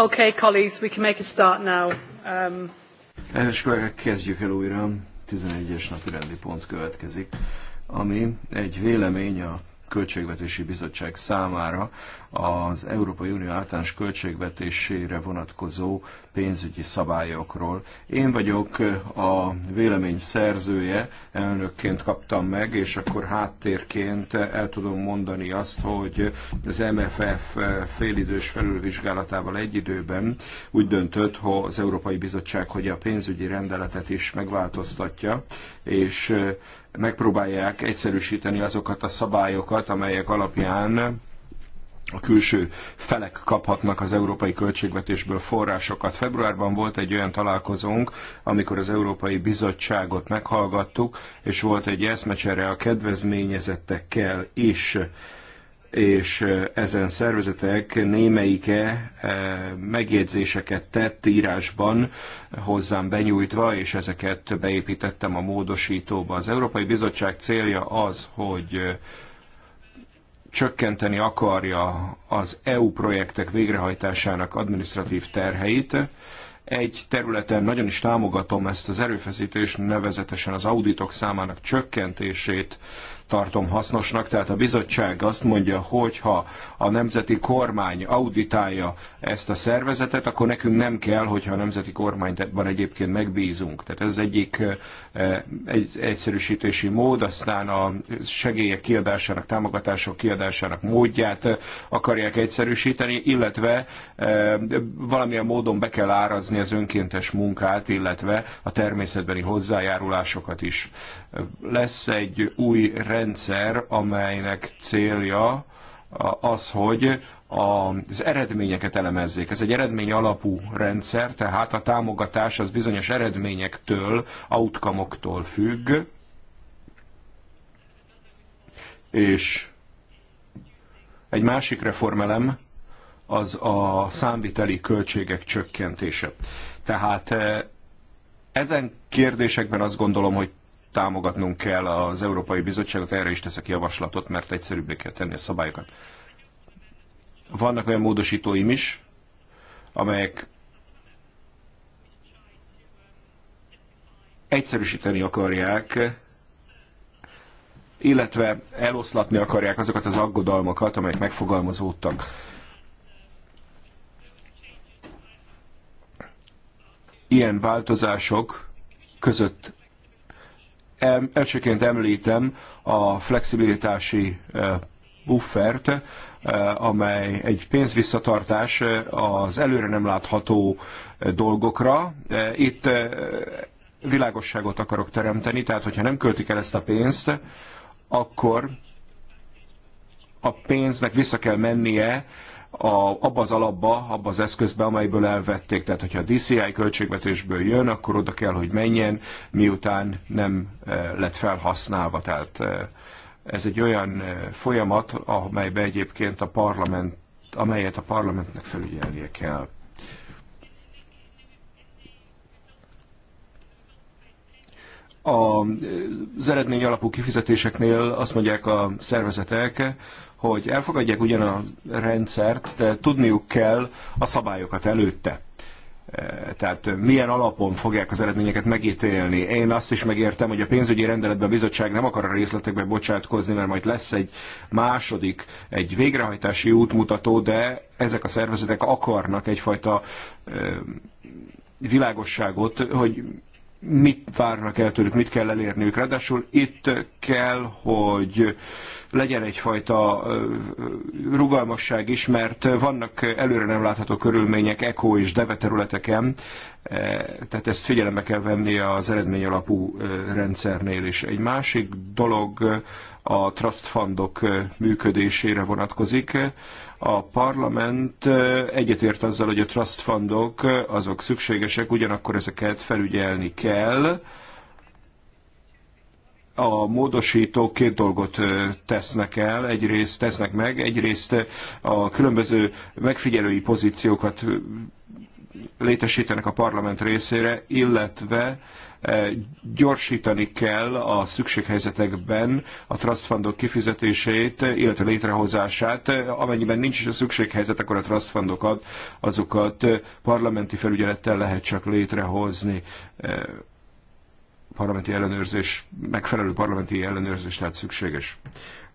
Okay, colleagues, we can make a start now. Um... kollégák, kezdjük el újra. 11-es napi rendi pont következik, ami egy vélemény a Költségvetési Bizottság számára az Európai Unió általános költségvetésére vonatkozó pénzügyi szabályokról. Én vagyok a vélemény szerzője, elnökként kaptam meg, és akkor háttérként el tudom mondani azt, hogy az MFF félidős felülvizsgálatával egy időben úgy döntött hogy az Európai Bizottság, hogy a pénzügyi rendeletet is megváltoztatja, és megpróbálják egyszerűsíteni azokat a szabályokat, amelyek alapján a külső felek kaphatnak az európai költségvetésből forrásokat. Februárban volt egy olyan találkozónk, amikor az Európai Bizottságot meghallgattuk, és volt egy eszmecsere a kedvezményezettekkel is és ezen szervezetek némelyike megjegyzéseket tett írásban hozzám benyújtva, és ezeket beépítettem a módosítóba. Az Európai Bizottság célja az, hogy csökkenteni akarja az EU projektek végrehajtásának administratív terheit. Egy területen nagyon is támogatom ezt az erőfeszítést, nevezetesen az auditok számának csökkentését tartom hasznosnak. Tehát a bizottság azt mondja, hogy ha a nemzeti kormány auditálja ezt a szervezetet, akkor nekünk nem kell, hogyha a nemzeti kormányban egyébként megbízunk. Tehát ez egyik eh, egy, egyszerűsítési mód, aztán a segélyek kiadásának, támogatások kiadásának módját akarják egyszerűsíteni, illetve eh, valamilyen módon be kell árazni az önkéntes munkát, illetve a természetbeni hozzájárulásokat is. Lesz egy új rend, rendszer, amelynek célja az, hogy az eredményeket elemezzék. Ez egy eredmény alapú rendszer, tehát a támogatás az bizonyos eredményektől, outcome-októl függ, és egy másik reformelem az a számviteli költségek csökkentése. Tehát eh, ezen kérdésekben azt gondolom, hogy támogatnunk kell az Európai Bizottságot, erre is teszek javaslatot, mert egyszerűbbé kell tenni a szabályokat. Vannak olyan módosítóim is, amelyek egyszerűsíteni akarják, illetve eloszlatni akarják azokat az aggodalmakat, amelyek megfogalmazódtak. Ilyen változások között Elsőként említem a flexibilitási eh, buffert, eh, amely egy pénzvisszatartás eh, az előre nem látható dolgokra. Itt világosságot akarok teremteni, tehát hogyha nem költik el ezt a pénzt, akkor a pénznek vissza kell mennie a, abba az alapba, abba az eszközbe, amelyből elvették. Tehát, hogyha a DCI költségvetésből jön, akkor oda kell, hogy menjen, miután nem eh, lett felhasználva. Tehát eh, ez egy olyan eh, folyamat, amelybe egyébként a parlament, amelyet a parlamentnek felügyelnie kell. A, az eredmény alapú kifizetéseknél azt mondják a szervezetek, hogy elfogadják ugyan a rendszert, de tudniuk kell a szabályokat előtte. E, tehát milyen alapon fogják az eredményeket megítélni. Én azt is megértem, hogy a pénzügyi rendeletben a bizottság nem akar a részletekbe bocsátkozni, mert majd lesz egy második, egy végrehajtási útmutató, de ezek a szervezetek akarnak egyfajta e, világosságot, hogy mit várnak el tőlük, mit kell elérniük. Ráadásul itt kell, hogy legyen egyfajta rugalmasság is, mert vannak előre nem látható körülmények ECO és DEVE területeken, Eh, tehát ezt figyelembe kell venni az eredmény alapú eh, rendszernél is. Egy másik dolog eh, a trust fundok működésére vonatkozik. A parlament egyetért azzal, hogy a trust fundok azok szükségesek, ugyanakkor ezeket felügyelni kell. A módosítók két dolgot tesznek el, egyrészt tesznek meg, egyrészt a különböző megfigyelői pozíciókat létesítenek a parlament részére, illetve eh, gyorsítani kell a szükséghelyzetekben a trust kifizetését, illetve létrehozását. Amennyiben nincs is a szükséghelyzet, akkor a trust azokat eh, parlamenti felügyelettel lehet csak létrehozni. Eh, parlamenti ellenőrzés, megfelelő parlamenti ellenőrzés, tehát szükséges.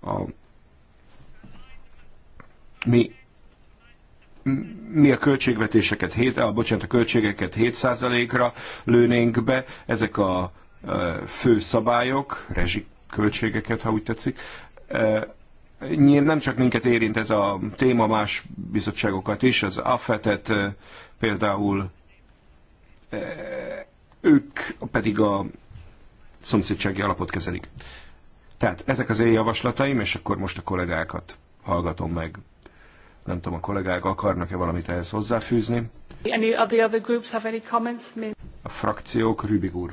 A mi mi a költségvetéseket, hét, ah, bocsánat, a költségeket 7%-ra lőnénk be, ezek a fő szabályok, költségeket ha úgy tetszik. Nem csak minket érint ez a téma, más bizottságokat is, az AFET-et például, ők pedig a szomszédsági alapot kezelik. Tehát ezek az én javaslataim, és akkor most a kollégákat hallgatom meg. Nem tudom, a kollégák akarnak-e valamit ehhez hozzáfűzni? Any of the other groups have any comments? A frakciók, Rübig úr.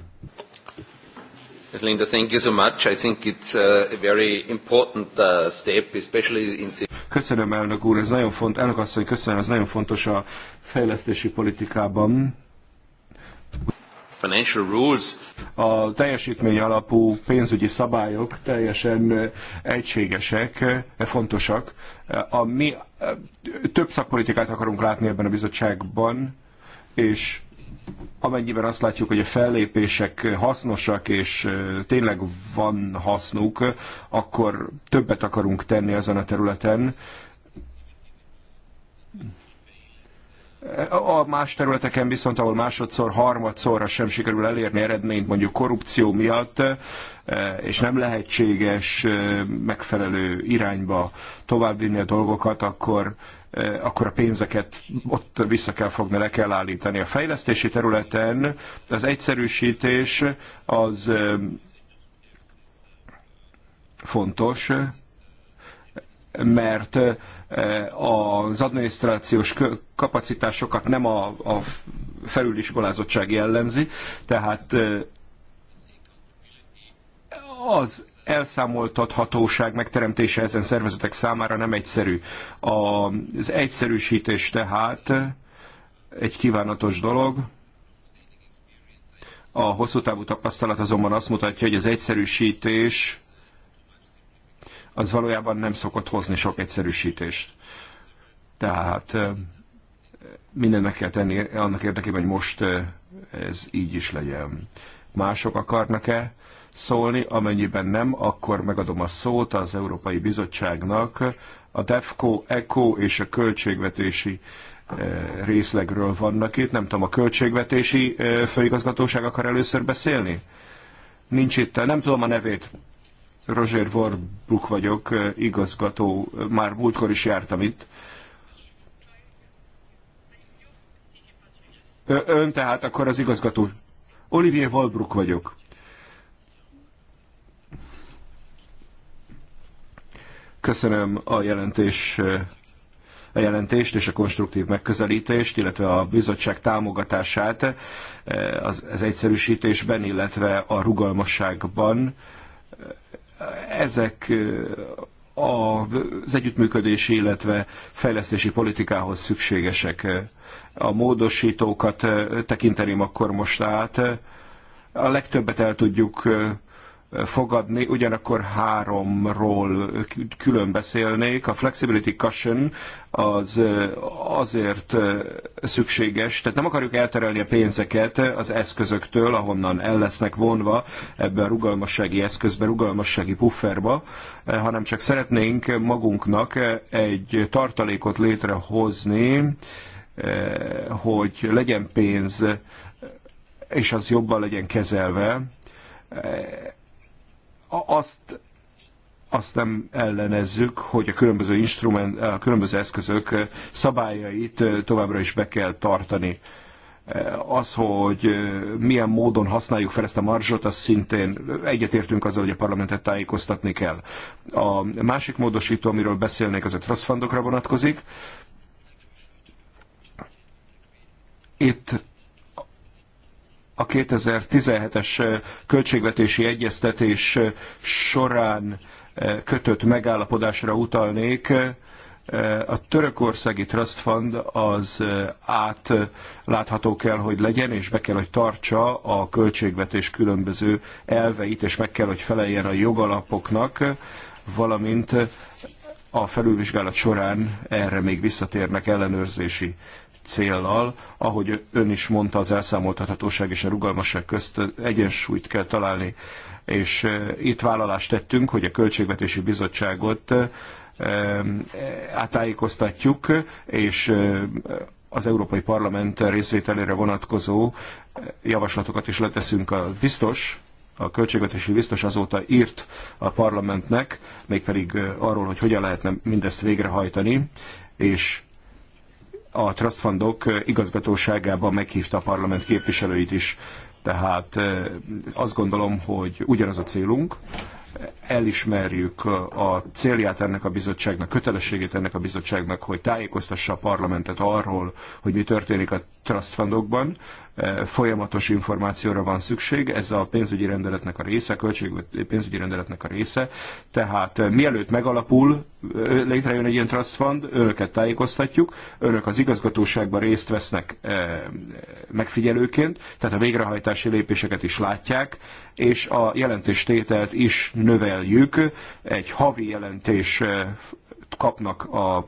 Linda, thank you so much. I think it's uh, a very important uh, step, especially in... Köszönöm, elnök úr, ez nagyon font, elnök asszony, köszönöm, ez nagyon fontos a fejlesztési politikában. Financial rules. A teljesítmény alapú pénzügyi szabályok teljesen uh, egységesek, fontosak. A mi több szakpolitikát akarunk látni ebben a bizottságban, és amennyiben azt látjuk, hogy a fellépések hasznosak és tényleg van hasznuk, akkor többet akarunk tenni ezen a területen, A más területeken viszont, ahol másodszor, harmadszorra sem sikerül elérni eredményt, mondjuk korrupció miatt, e, és nem lehetséges e, megfelelő irányba továbbvinni a dolgokat, akkor e, akkor a pénzeket ott vissza kell fogni, le kell állítani. A fejlesztési területen az egyszerűsítés az fontos, mert eh, az adminisztrációs kapacitásokat nem a, a felüliskolázottság jellemzi, tehát eh, az elszámoltathatóság megteremtése ezen szervezetek számára nem egyszerű. Az egyszerűsítés tehát egy kívánatos dolog. A hosszú távú tapasztalat azonban azt mutatja, hogy az egyszerűsítés az valójában nem szokott hozni sok egyszerűsítést. Tehát mindent meg kell tenni annak érdekében, hogy most ez így is legyen. Mások akarnak-e szólni, amennyiben nem, akkor megadom a szót az Európai Bizottságnak. A DEFCO, ECO és a költségvetési részlegről vannak itt. Nem tudom, a költségvetési főigazgatóság akar először beszélni? Nincs itt, nem tudom a nevét. Roger Vorbuk vagyok, igazgató, már múltkor is jártam itt. Ön tehát akkor az igazgató. Olivier Walbrook vagyok. Köszönöm a jelentés a jelentést és a konstruktív megközelítést, illetve a bizottság támogatását az, az egyszerűsítésben, illetve a rugalmasságban ezek az együttműködési, illetve fejlesztési politikához szükségesek. A módosítókat tekinteném akkor most át. A legtöbbet el tudjuk fogadni, ugyanakkor háromról külön beszélnék. A flexibility cushion az azért szükséges, tehát nem akarjuk elterelni a pénzeket az eszközöktől, ahonnan el lesznek vonva ebbe a rugalmassági eszközbe, rugalmassági pufferba, hanem csak szeretnénk magunknak egy tartalékot létrehozni, hogy legyen pénz, és az jobban legyen kezelve, azt, azt nem ellenezzük, hogy a különböző, instrument, a különböző eszközök szabályait továbbra is be kell tartani az, hogy milyen módon használjuk fel ezt a marzsot, az szintén egyetértünk azzal, hogy a parlamentet tájékoztatni kell. A másik módosító, amiről beszélnék, az a trust vonatkozik. Itt a 2017-es költségvetési egyeztetés során kötött megállapodásra utalnék. A törökországi Trust Fund az átlátható kell, hogy legyen, és be kell, hogy tartsa a költségvetés különböző elveit, és meg kell, hogy feleljen a jogalapoknak, valamint a felülvizsgálat során erre még visszatérnek ellenőrzési céllal. Ahogy ön is mondta, az elszámoltathatóság és a rugalmasság közt egyensúlyt kell találni, és e, itt vállalást tettünk, hogy a Költségvetési Bizottságot e, e, átájékoztatjuk, és az Európai Parlament részvételére vonatkozó javaslatokat is leteszünk a biztos, a költségvetési biztos azóta írt a parlamentnek, mégpedig arról, hogy hogyan lehetne mindezt végrehajtani, és a Trust igazgatóságában meghívta a parlament képviselőit is. Tehát azt gondolom, hogy ugyanaz a célunk, elismerjük a célját ennek a bizottságnak, kötelességét ennek a bizottságnak, hogy tájékoztassa a parlamentet arról, hogy mi történik a trust folyamatos információra van szükség, ez a pénzügyi rendeletnek a része, költség pénzügyi rendeletnek a része, tehát mielőtt megalapul, létrejön egy ilyen trust fund, önöket tájékoztatjuk, önök az igazgatóságban részt vesznek megfigyelőként, tehát a végrehajtási lépéseket is látják, és a jelentéstételt is növeljük, egy havi jelentés kapnak a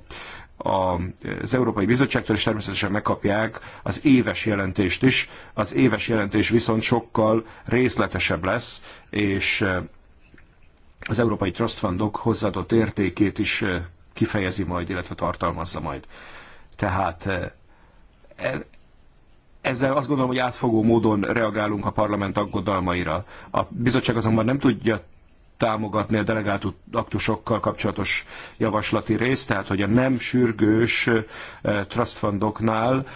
az Európai Bizottságtól, és természetesen megkapják az éves jelentést is. Az éves jelentés viszont sokkal részletesebb lesz, és az Európai Trust Fundok hozzáadott értékét is kifejezi majd, illetve tartalmazza majd. Tehát e, ezzel azt gondolom, hogy átfogó módon reagálunk a parlament aggodalmaira. A bizottság azonban nem tudja támogatni a delegált aktusokkal kapcsolatos javaslati részt, tehát hogy a nem sürgős trust fundoknál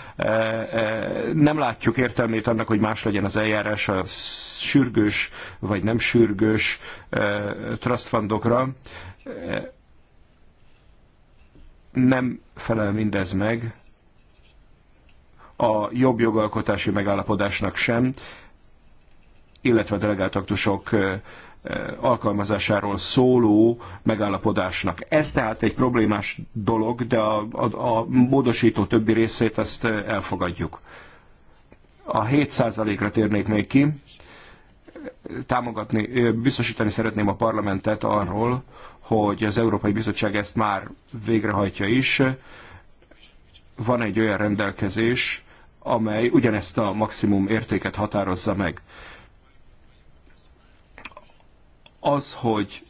nem látjuk értelmét annak, hogy más legyen az eljárás a sürgős vagy nem sürgős trust fundokra. Nem felel mindez meg a jobb jogalkotási megállapodásnak sem, illetve a delegált aktusok alkalmazásáról szóló megállapodásnak. Ez tehát egy problémás dolog, de a, a, a módosító többi részét ezt elfogadjuk. A 7%-ra térnék még ki. Támogatni, biztosítani szeretném a parlamentet arról, hogy az Európai Bizottság ezt már végrehajtja is. Van egy olyan rendelkezés, amely ugyanezt a maximum értéket határozza meg. Az, hogy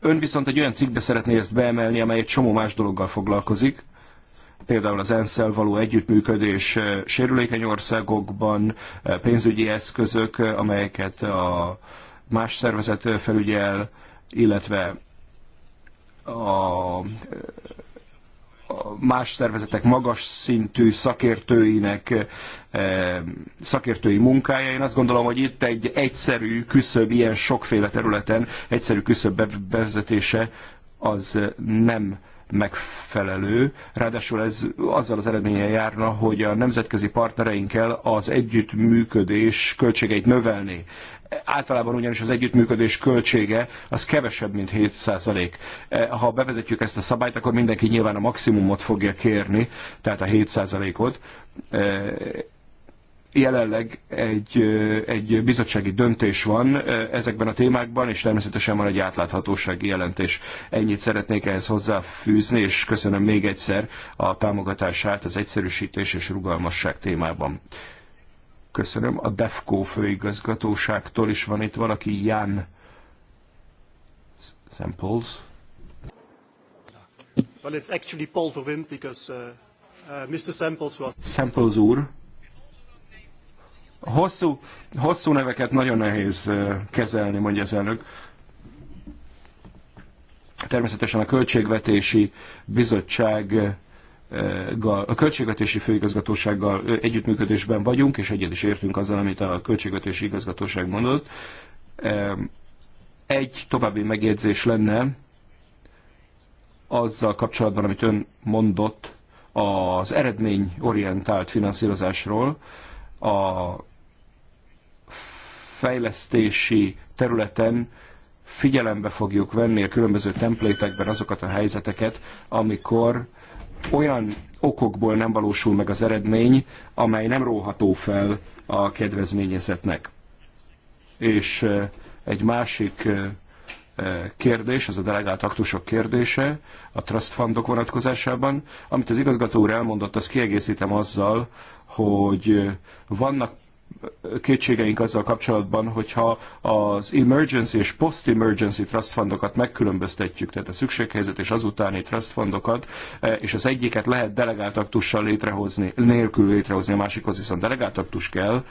ön viszont egy olyan cikkbe szeretné ezt beemelni, amely egy csomó más dologgal foglalkozik, például az ensz való együttműködés eh, sérülékeny országokban, eh, pénzügyi eszközök, eh, amelyeket a más szervezet felügyel, illetve a más szervezetek magas szintű szakértőinek eh, szakértői munkája. Én azt gondolom, hogy itt egy egyszerű küszöb, ilyen sokféle területen egyszerű küszöb bevezetése az nem megfelelő. Ráadásul ez azzal az eredménye járna, hogy a nemzetközi partnereinkkel az együttműködés költségeit növelni. Általában ugyanis az együttműködés költsége az kevesebb, mint 7%. Eh, ha bevezetjük ezt a szabályt, akkor mindenki nyilván a maximumot fogja kérni, tehát a 7%-ot jelenleg egy, egy bizottsági döntés van ezekben a témákban, és természetesen van egy átláthatósági jelentés. Ennyit szeretnék ehhez hozzáfűzni, és köszönöm még egyszer a támogatását az egyszerűsítés és rugalmasság témában. Köszönöm. A DEFCO főigazgatóságtól is van itt valaki, Jan Samples. Well, it's actually Paul Verwimp, because uh, uh, Mr. Samples was... Samples úr Hosszú, hosszú neveket nagyon nehéz eh, kezelni, mondja az elnök. Természetesen a Költségvetési Bizottság eh, a Költségvetési Főigazgatósággal eh, együttműködésben vagyunk, és egyet is értünk azzal, amit a Költségvetési Igazgatóság mondott. Egy további megjegyzés lenne azzal kapcsolatban, amit ön mondott az eredményorientált finanszírozásról, a fejlesztési területen figyelembe fogjuk venni a különböző templétekben azokat a helyzeteket, amikor olyan okokból nem valósul meg az eredmény, amely nem róható fel a kedvezményezetnek. És eh, egy másik eh, eh, kérdés, ez a delegált aktusok kérdése a trust fundok vonatkozásában. Amit az igazgató úr elmondott, azt kiegészítem azzal, hogy vannak kétségeink azzal kapcsolatban, hogyha az emergency és post-emergency trust fundokat megkülönböztetjük, tehát a szükséghelyzet és azutáni trust fundokat, e, és az egyiket lehet delegált létrehozni, nélkül létrehozni, a másikhoz viszont delegált kell,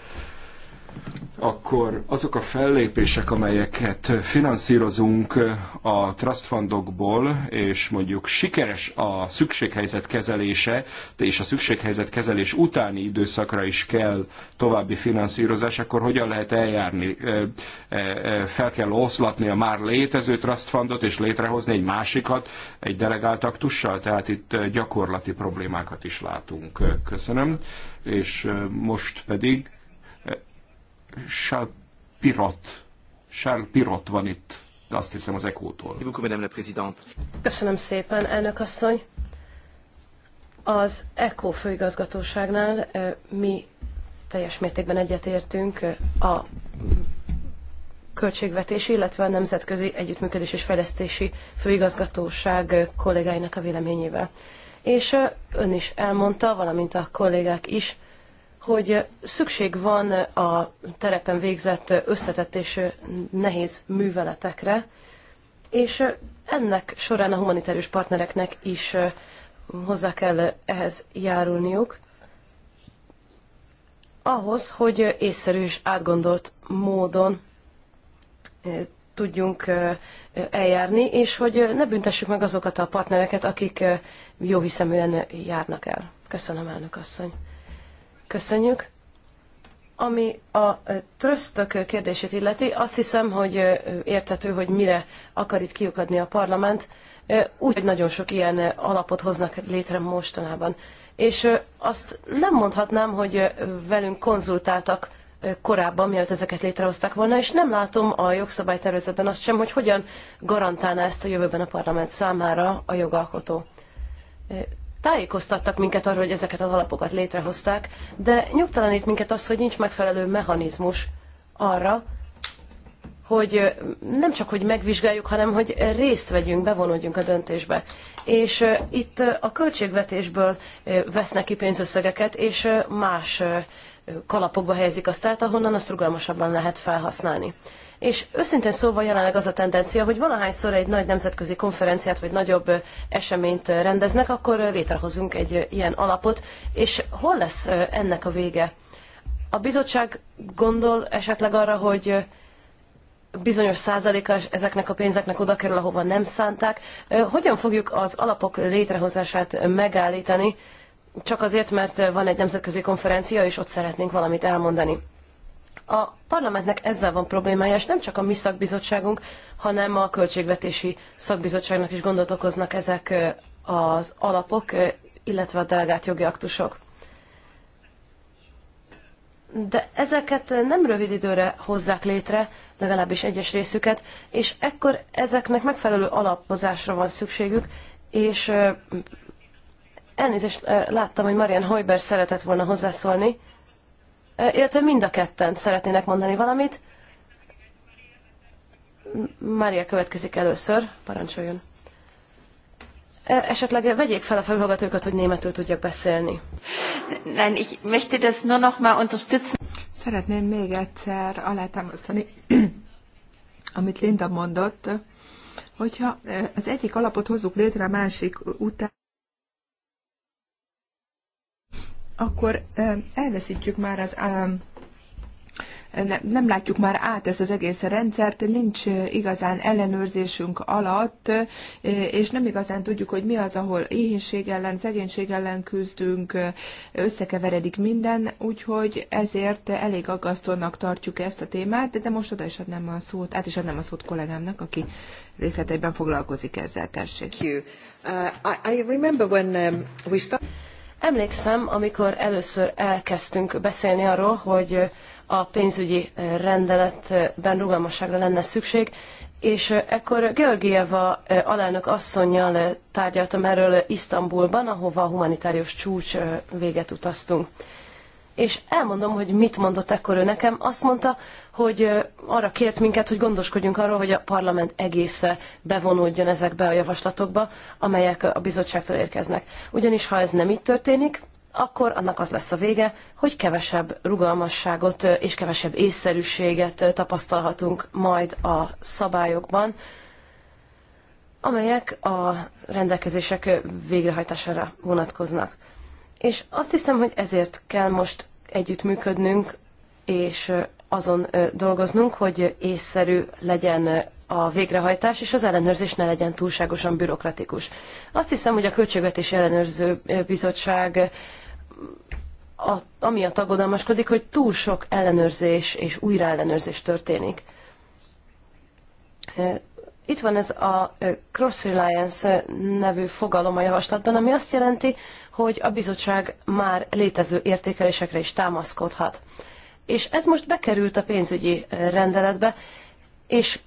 akkor azok a fellépések, amelyeket finanszírozunk a trust fundokból, és mondjuk sikeres a szükséghelyzet kezelése, és a szükséghelyzet kezelés utáni időszakra is kell további finanszírozás, akkor hogyan lehet eljárni? Fel kell oszlatni a már létező trust fundot, és létrehozni egy másikat, egy delegált aktussal, tehát itt gyakorlati problémákat is látunk. Köszönöm. És most pedig Charles Pirot. van itt, azt hiszem az ECO-tól. Köszönöm szépen, elnök asszony. Az ECO főigazgatóságnál mi teljes mértékben egyetértünk a költségvetési, illetve a Nemzetközi Együttműködés és Fejlesztési Főigazgatóság kollégáinak a véleményével. És ön is elmondta, valamint a kollégák is, hogy szükség van a terepen végzett összetett és nehéz műveletekre, és ennek során a humanitárius partnereknek is hozzá kell ehhez járulniuk, ahhoz, hogy észszerű és átgondolt módon eh, tudjunk eh, eljárni, és hogy ne büntessük meg azokat a partnereket, akik eh, jóhiszeműen járnak el. Köszönöm, elnök asszony. Köszönjük. Ami a trösztök kérdését illeti, azt hiszem, hogy értető, hogy mire akar itt kiukadni a parlament. Úgy, hogy nagyon sok ilyen alapot hoznak létre mostanában. És azt nem mondhatnám, hogy velünk konzultáltak korábban, mielőtt ezeket létrehozták volna, és nem látom a jogszabálytervezetben azt sem, hogy hogyan garantálná ezt a jövőben a parlament számára a jogalkotó tájékoztattak minket arról, hogy ezeket az alapokat létrehozták, de nyugtalanít minket az, hogy nincs megfelelő mechanizmus arra, hogy nem csak, hogy megvizsgáljuk, hanem hogy részt vegyünk, bevonódjunk a döntésbe. És itt a költségvetésből vesznek ki pénzösszegeket, és más kalapokba helyezik azt át, ahonnan azt rugalmasabban lehet felhasználni. És őszintén szólva jelenleg az a tendencia, hogy valahányszor egy nagy nemzetközi konferenciát vagy nagyobb eseményt rendeznek, akkor létrehozunk egy ilyen alapot. És hol lesz ennek a vége? A bizottság gondol esetleg arra, hogy bizonyos százaléka ezeknek a pénzeknek oda kerül, ahova nem szánták. Hogyan fogjuk az alapok létrehozását megállítani, csak azért, mert van egy nemzetközi konferencia, és ott szeretnénk valamit elmondani? A parlamentnek ezzel van problémája, és nem csak a mi szakbizottságunk, hanem a költségvetési szakbizottságnak is gondot okoznak ezek az alapok, illetve a delegált jogi aktusok. De ezeket nem rövid időre hozzák létre, legalábbis egyes részüket, és ekkor ezeknek megfelelő alapozásra van szükségük, és elnézést láttam, hogy Marian Hojber szeretett volna hozzászólni illetve mind a ketten szeretnének mondani valamit. Mária következik először, parancsoljon. Esetleg vegyék fel a felhallgatókat, hogy németül tudjak beszélni. Nein, ich möchte das nur noch mal unterstützen. Szeretném még egyszer alátámasztani, amit Linda mondott, hogyha az egyik alapot hozzuk létre a másik után, akkor elveszítjük már az nem látjuk már át ezt az egész rendszert, nincs igazán ellenőrzésünk alatt, és nem igazán tudjuk, hogy mi az, ahol éhénység ellen, szegénység ellen küzdünk, összekeveredik minden, úgyhogy ezért elég aggasztónak tartjuk ezt a témát, de most oda is adnám a szót, át is adnám a szót kollégámnak, aki részleteiben foglalkozik ezzel, tessék. Emlékszem, amikor először elkezdtünk beszélni arról, hogy a pénzügyi rendeletben rugalmasságra lenne szükség, és ekkor Georgieva alelnök asszonynal tárgyaltam erről Isztambulban, ahova a humanitárius csúcs véget utaztunk. És elmondom, hogy mit mondott ekkor ő nekem. Azt mondta, hogy arra kért minket, hogy gondoskodjunk arról, hogy a parlament egésze bevonódjon ezekbe a javaslatokba, amelyek a bizottságtól érkeznek. Ugyanis ha ez nem így történik, akkor annak az lesz a vége, hogy kevesebb rugalmasságot és kevesebb észszerűséget tapasztalhatunk majd a szabályokban, amelyek a rendelkezések végrehajtására vonatkoznak. És azt hiszem, hogy ezért kell most együttműködnünk, és azon dolgoznunk, hogy észszerű legyen a végrehajtás, és az ellenőrzés ne legyen túlságosan bürokratikus. Azt hiszem, hogy a Költségvetési Ellenőrző Bizottság a, amiatt aggodalmaskodik, hogy túl sok ellenőrzés és újraellenőrzés történik. Itt van ez a Cross Reliance nevű fogalom a javaslatban, ami azt jelenti, hogy a bizottság már létező értékelésekre is támaszkodhat és ez most bekerült a pénzügyi rendeletbe, és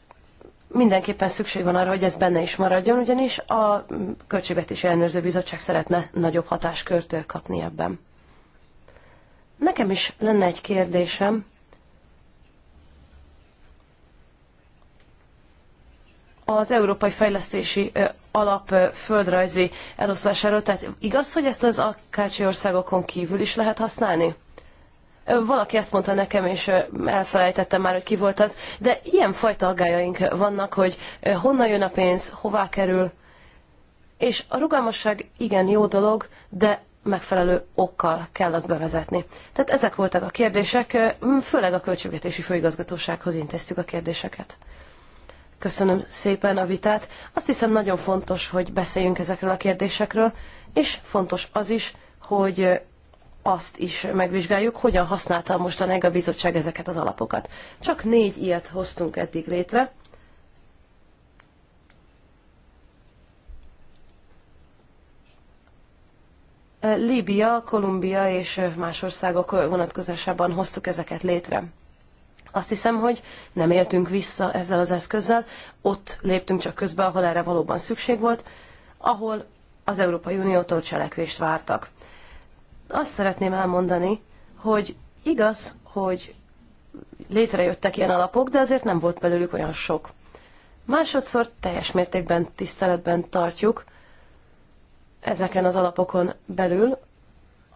mindenképpen szükség van arra, hogy ez benne is maradjon, ugyanis a Költségvetési Ellenőrző Bizottság szeretne nagyobb hatáskört kapni ebben. Nekem is lenne egy kérdésem. Az Európai Fejlesztési Alap földrajzi eloszlásáról, tehát igaz, hogy ezt az AKC országokon kívül is lehet használni? Valaki ezt mondta nekem, és elfelejtettem már, hogy ki volt az, de ilyen fajta aggájaink vannak, hogy honnan jön a pénz, hová kerül. És a rugalmasság igen jó dolog, de megfelelő okkal kell azt bevezetni. Tehát ezek voltak a kérdések, főleg a Költségvetési Főigazgatósághoz intéztük a kérdéseket. Köszönöm szépen a vitát. Azt hiszem nagyon fontos, hogy beszéljünk ezekről a kérdésekről, és fontos az is, hogy azt is megvizsgáljuk, hogyan használta mostanáig a bizottság ezeket az alapokat. Csak négy ilyet hoztunk eddig létre. Líbia, Kolumbia és más országok vonatkozásában hoztuk ezeket létre. Azt hiszem, hogy nem éltünk vissza ezzel az eszközzel, ott léptünk csak közbe, ahol erre valóban szükség volt, ahol az Európai Uniótól cselekvést vártak azt szeretném elmondani, hogy igaz, hogy létrejöttek ilyen alapok, de azért nem volt belőlük olyan sok. Másodszor teljes mértékben tiszteletben tartjuk ezeken az alapokon belül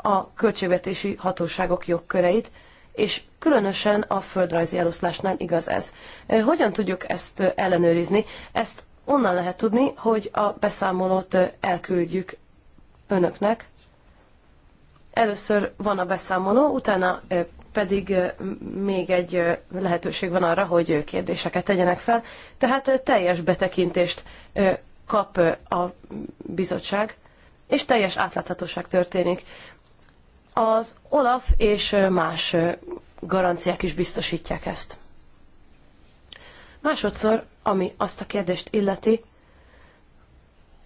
a költségvetési hatóságok jogköreit, és különösen a földrajzi eloszlásnál igaz ez. Hogyan tudjuk ezt ellenőrizni? Ezt onnan lehet tudni, hogy a beszámolót elküldjük önöknek, Először van a beszámoló, utána pedig még egy lehetőség van arra, hogy kérdéseket tegyenek fel. Tehát teljes betekintést kap a bizottság, és teljes átláthatóság történik. Az OLAF és más garanciák is biztosítják ezt. Másodszor, ami azt a kérdést illeti,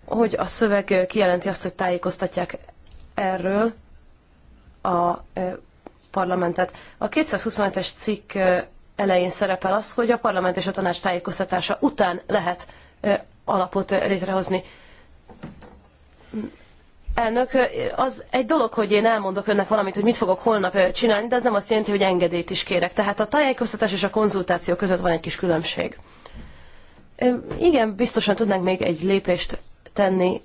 hogy a szöveg kijelenti azt, hogy tájékoztatják erről, a parlamentet. A 225-es cikk elején szerepel az, hogy a parlament és a tanács tájékoztatása után lehet alapot létrehozni. Elnök, az egy dolog, hogy én elmondok önnek valamit, hogy mit fogok holnap csinálni, de ez nem azt jelenti, hogy engedélyt is kérek. Tehát a tájékoztatás és a konzultáció között van egy kis különbség. Igen, biztosan tudnánk még egy lépést tenni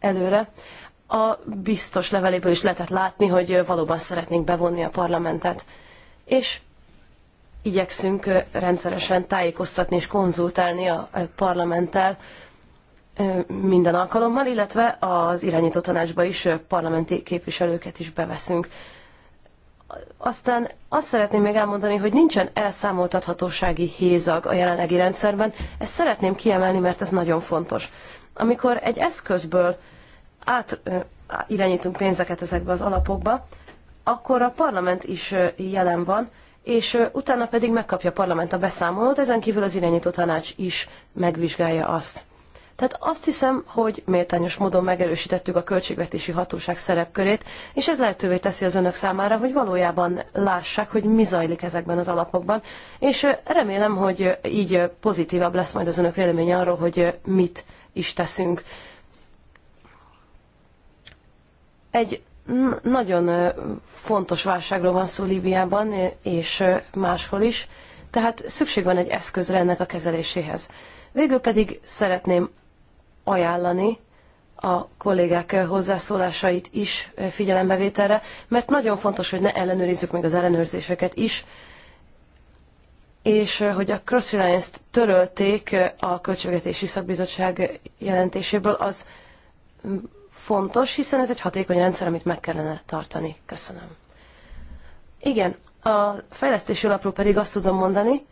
előre a biztos leveléből is lehetett látni, hogy valóban szeretnénk bevonni a parlamentet. És igyekszünk rendszeresen tájékoztatni és konzultálni a parlamenttel minden alkalommal, illetve az irányító tanácsba is parlamenti képviselőket is beveszünk. Aztán azt szeretném még elmondani, hogy nincsen elszámoltathatósági hézag a jelenlegi rendszerben. Ezt szeretném kiemelni, mert ez nagyon fontos. Amikor egy eszközből át irányítunk pénzeket ezekbe az alapokba, akkor a parlament is jelen van, és utána pedig megkapja a parlament a beszámolót, ezen kívül az irányító tanács is megvizsgálja azt. Tehát azt hiszem, hogy méltányos módon megerősítettük a költségvetési hatóság szerepkörét, és ez lehetővé teszi az önök számára, hogy valójában lássák, hogy mi zajlik ezekben az alapokban, és remélem, hogy így pozitívabb lesz majd az önök véleménye arról, hogy mit is teszünk. Egy nagyon fontos válságról van szó Líbiában és máshol is, tehát szükség van egy eszközre ennek a kezeléséhez. Végül pedig szeretném ajánlani a kollégák hozzászólásait is figyelembevételre, mert nagyon fontos, hogy ne ellenőrizzük meg az ellenőrzéseket is, és hogy a Cross Reliance-t törölték a Költségvetési Szakbizottság jelentéséből, az fontos, hiszen ez egy hatékony rendszer, amit meg kellene tartani. Köszönöm. Igen, a fejlesztési alapról pedig azt tudom mondani,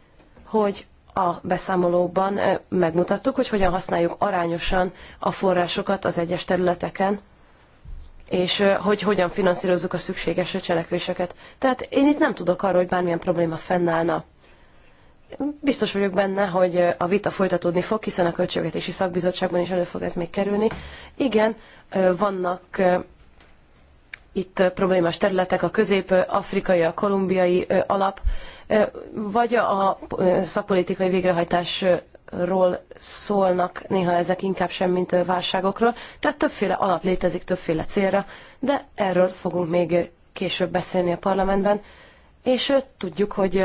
hogy a beszámolóban megmutattuk, hogy hogyan használjuk arányosan a forrásokat az egyes területeken, és hogy hogyan finanszírozzuk a szükséges cselekvéseket. Tehát én itt nem tudok arról, hogy bármilyen probléma fennállna. Biztos vagyok benne, hogy a vita folytatódni fog, hiszen a Költségvetési Szakbizottságban is elő fog ez még kerülni. Igen, vannak itt problémás területek, a közép-afrikai, a kolumbiai alap, vagy a szakpolitikai végrehajtásról szólnak néha ezek inkább semmint válságokról. Tehát többféle alap létezik többféle célra, de erről fogunk még később beszélni a parlamentben, és tudjuk, hogy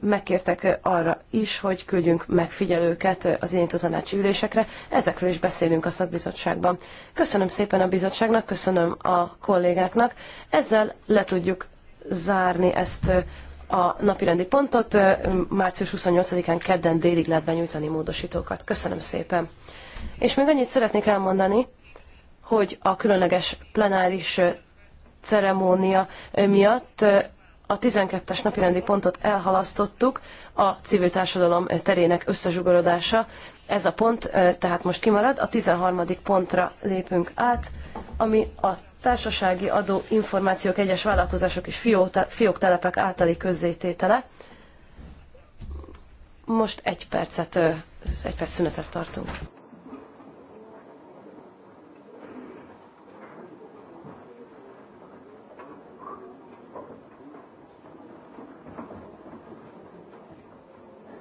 megkértek arra is, hogy küldjünk megfigyelőket az én tanácsi ülésekre. Ezekről is beszélünk a szakbizottságban. Köszönöm szépen a bizottságnak, köszönöm a kollégáknak. Ezzel le tudjuk zárni ezt a napirendi pontot. Március 28-án kedden délig lehet benyújtani módosítókat. Köszönöm szépen. És még annyit szeretnék elmondani, hogy a különleges plenáris ceremónia miatt a 12-es napirendi pontot elhalasztottuk, a civil társadalom terének összezsugorodása. Ez a pont tehát most kimarad, a 13. pontra lépünk át, ami a társasági adó információk egyes vállalkozások és fióktelepek általi közzététele. Most egy percet, egy perc szünetet tartunk.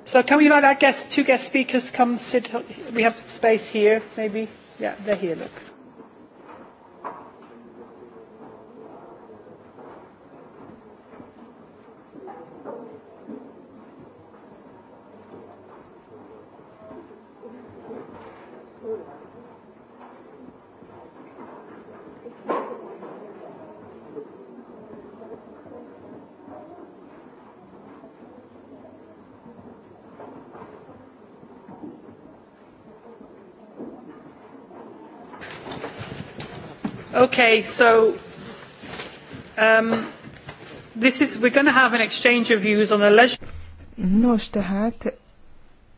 So can we invite our guests, two guest speakers come sit? We have space here, maybe. Yeah, they're here, look. Okay, so um, this is we're going to have an exchange of views on the leisure. Nos, tehát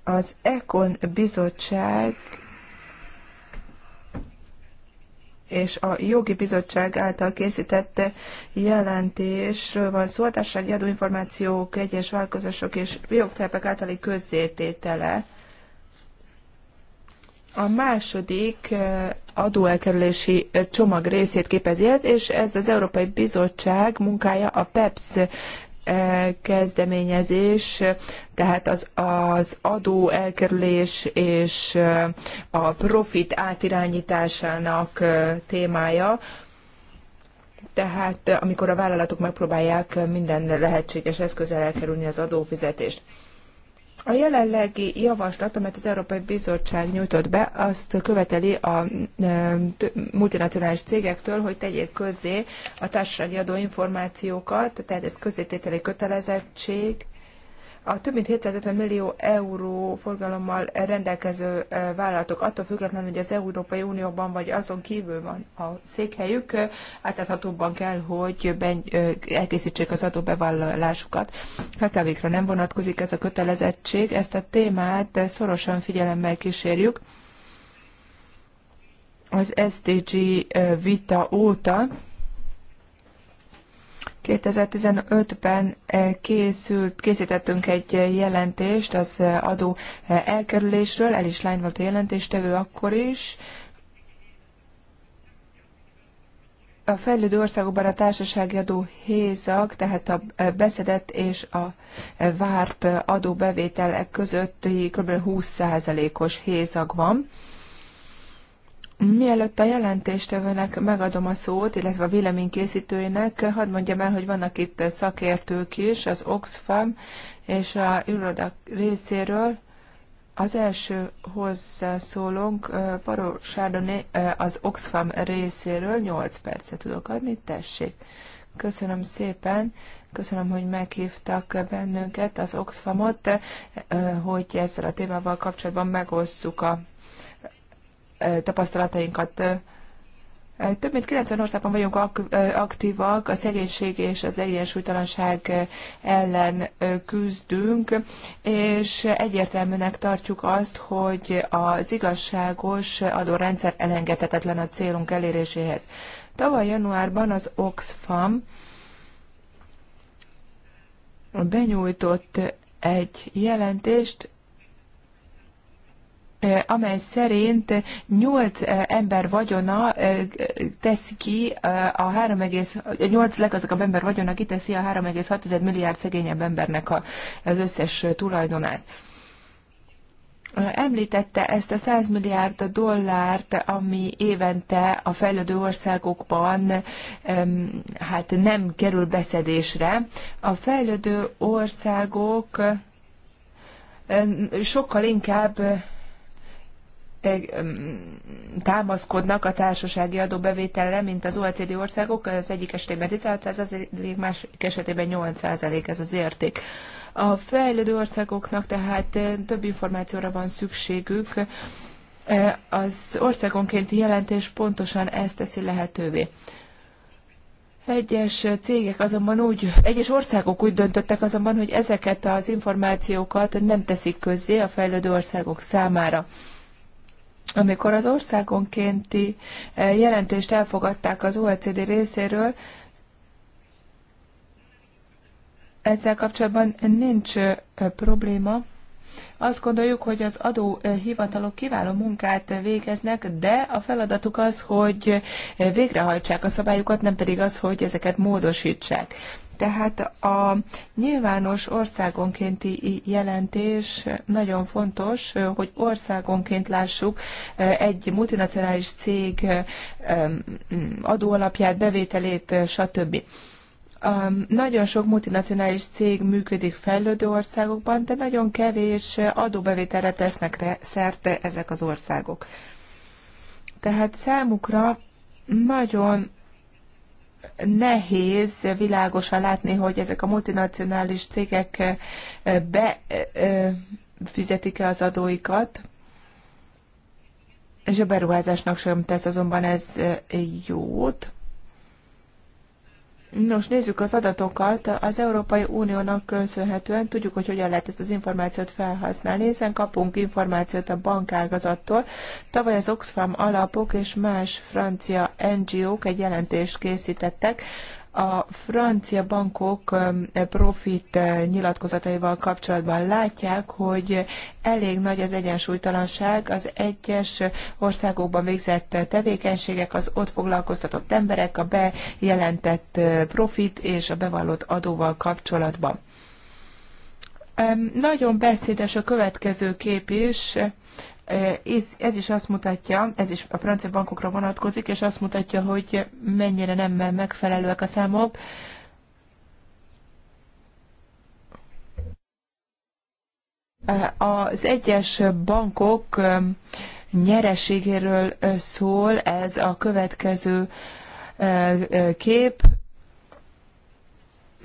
az Econ bizottság és a jogi bizottság által készített jelentésről van szó, társasági adóinformációk, egyes vállalkozások és jogterpek általi közzététele. A második adóelkerülési csomag részét képezi ez, és ez az Európai Bizottság munkája a PEPS kezdeményezés, tehát az, az adó elkerülés és a profit átirányításának témája. Tehát amikor a vállalatok megpróbálják minden lehetséges eszközzel elkerülni az adófizetést. A jelenlegi javaslat, amelyet az Európai Bizottság nyújtott be, azt követeli a e, multinacionális cégektől, hogy tegyék közzé a társasági adóinformációkat, tehát ez közzétételi kötelezettség, a több mint 750 millió euró forgalommal rendelkező vállalatok, attól függetlenül, hogy az Európai Unióban vagy azon kívül van a székhelyük, átláthatóbban kell, hogy ben, elkészítsék az adóbevallásukat. kkv hát nem vonatkozik ez a kötelezettség, ezt a témát szorosan figyelemmel kísérjük az SDG vita óta, 2015-ben eh, készült, készítettünk egy eh, jelentést az eh, adó elkerülésről, el is lány volt a jelentéstevő akkor is. A fejlődő országokban a társasági adó hézag, tehát a beszedett és a várt adóbevételek közötti kb. 20%-os hézag van Mielőtt a jelentéstevőnek megadom a szót, illetve a véleménykészítőjének, hadd mondjam el, hogy vannak itt szakértők is, az Oxfam és a Iroda részéről. Az első hozzászólónk, Paró Sárdoné, az Oxfam részéről 8 percet tudok adni, tessék. Köszönöm szépen, köszönöm, hogy meghívtak bennünket, az Oxfamot, hogy ezzel a témával kapcsolatban megosszuk a tapasztalatainkat. Több mint 90 országban vagyunk aktívak, a szegénység és az egyensúlytalanság ellen küzdünk, és egyértelműnek tartjuk azt, hogy az igazságos adórendszer elengedhetetlen a célunk eléréséhez. Tavaly januárban az Oxfam benyújtott egy jelentést, amely szerint 8 ember vagyona tesz ki a 3, 8 leggazdagabb ember vagyona kiteszi a 3,6 milliárd szegényebb embernek az összes tulajdonát. Említette ezt a 100 milliárd dollárt, ami évente a fejlődő országokban hát nem kerül beszedésre. A fejlődő országok sokkal inkább támaszkodnak a társasági adóbevételre, mint az OECD országok, az egyik esetében 16%, másik esetében 8% ez az érték. A fejlődő országoknak tehát eh, több információra van szükségük, eh, az országonkénti jelentés pontosan ezt teszi lehetővé. Egyes cégek azonban úgy, egyes országok úgy döntöttek azonban, hogy ezeket az információkat nem teszik közzé a fejlődő országok számára. Amikor az országonkénti eh, jelentést elfogadták az OECD részéről, ezzel kapcsolatban nincs eh, probléma. Azt gondoljuk, hogy az adóhivatalok eh, kiváló munkát végeznek, de a feladatuk az, hogy végrehajtsák a szabályokat, nem pedig az, hogy ezeket módosítsák. Tehát a nyilvános országonkénti jelentés nagyon fontos, hogy országonként lássuk egy multinacionális cég adóalapját, bevételét, stb. Um, nagyon sok multinacionális cég működik fejlődő országokban, de nagyon kevés adóbevételre tesznek szerte ezek az országok. Tehát számukra nagyon nehéz világosan látni, hogy ezek a multinacionális cégek eh, eh, befizetik-e eh, az adóikat, és a beruházásnak sem tesz azonban ez jót. Nos, nézzük az adatokat. Az Európai Uniónak köszönhetően tudjuk, hogy hogyan lehet ezt az információt felhasználni, hiszen kapunk információt a bankágazattól. Tavaly az Oxfam alapok és más francia NGO-k egy jelentést készítettek a francia bankok profit nyilatkozataival kapcsolatban látják, hogy elég nagy az egyensúlytalanság az egyes országokban végzett tevékenységek, az ott foglalkoztatott emberek, a bejelentett profit és a bevallott adóval kapcsolatban. Nagyon beszédes a következő kép is, Eh, ez is azt mutatja, ez is a francia bankokra vonatkozik, és azt mutatja, hogy mennyire nem megfelelőek a számok. Eh, az egyes bankok eh, nyereségéről szól ez a következő kép.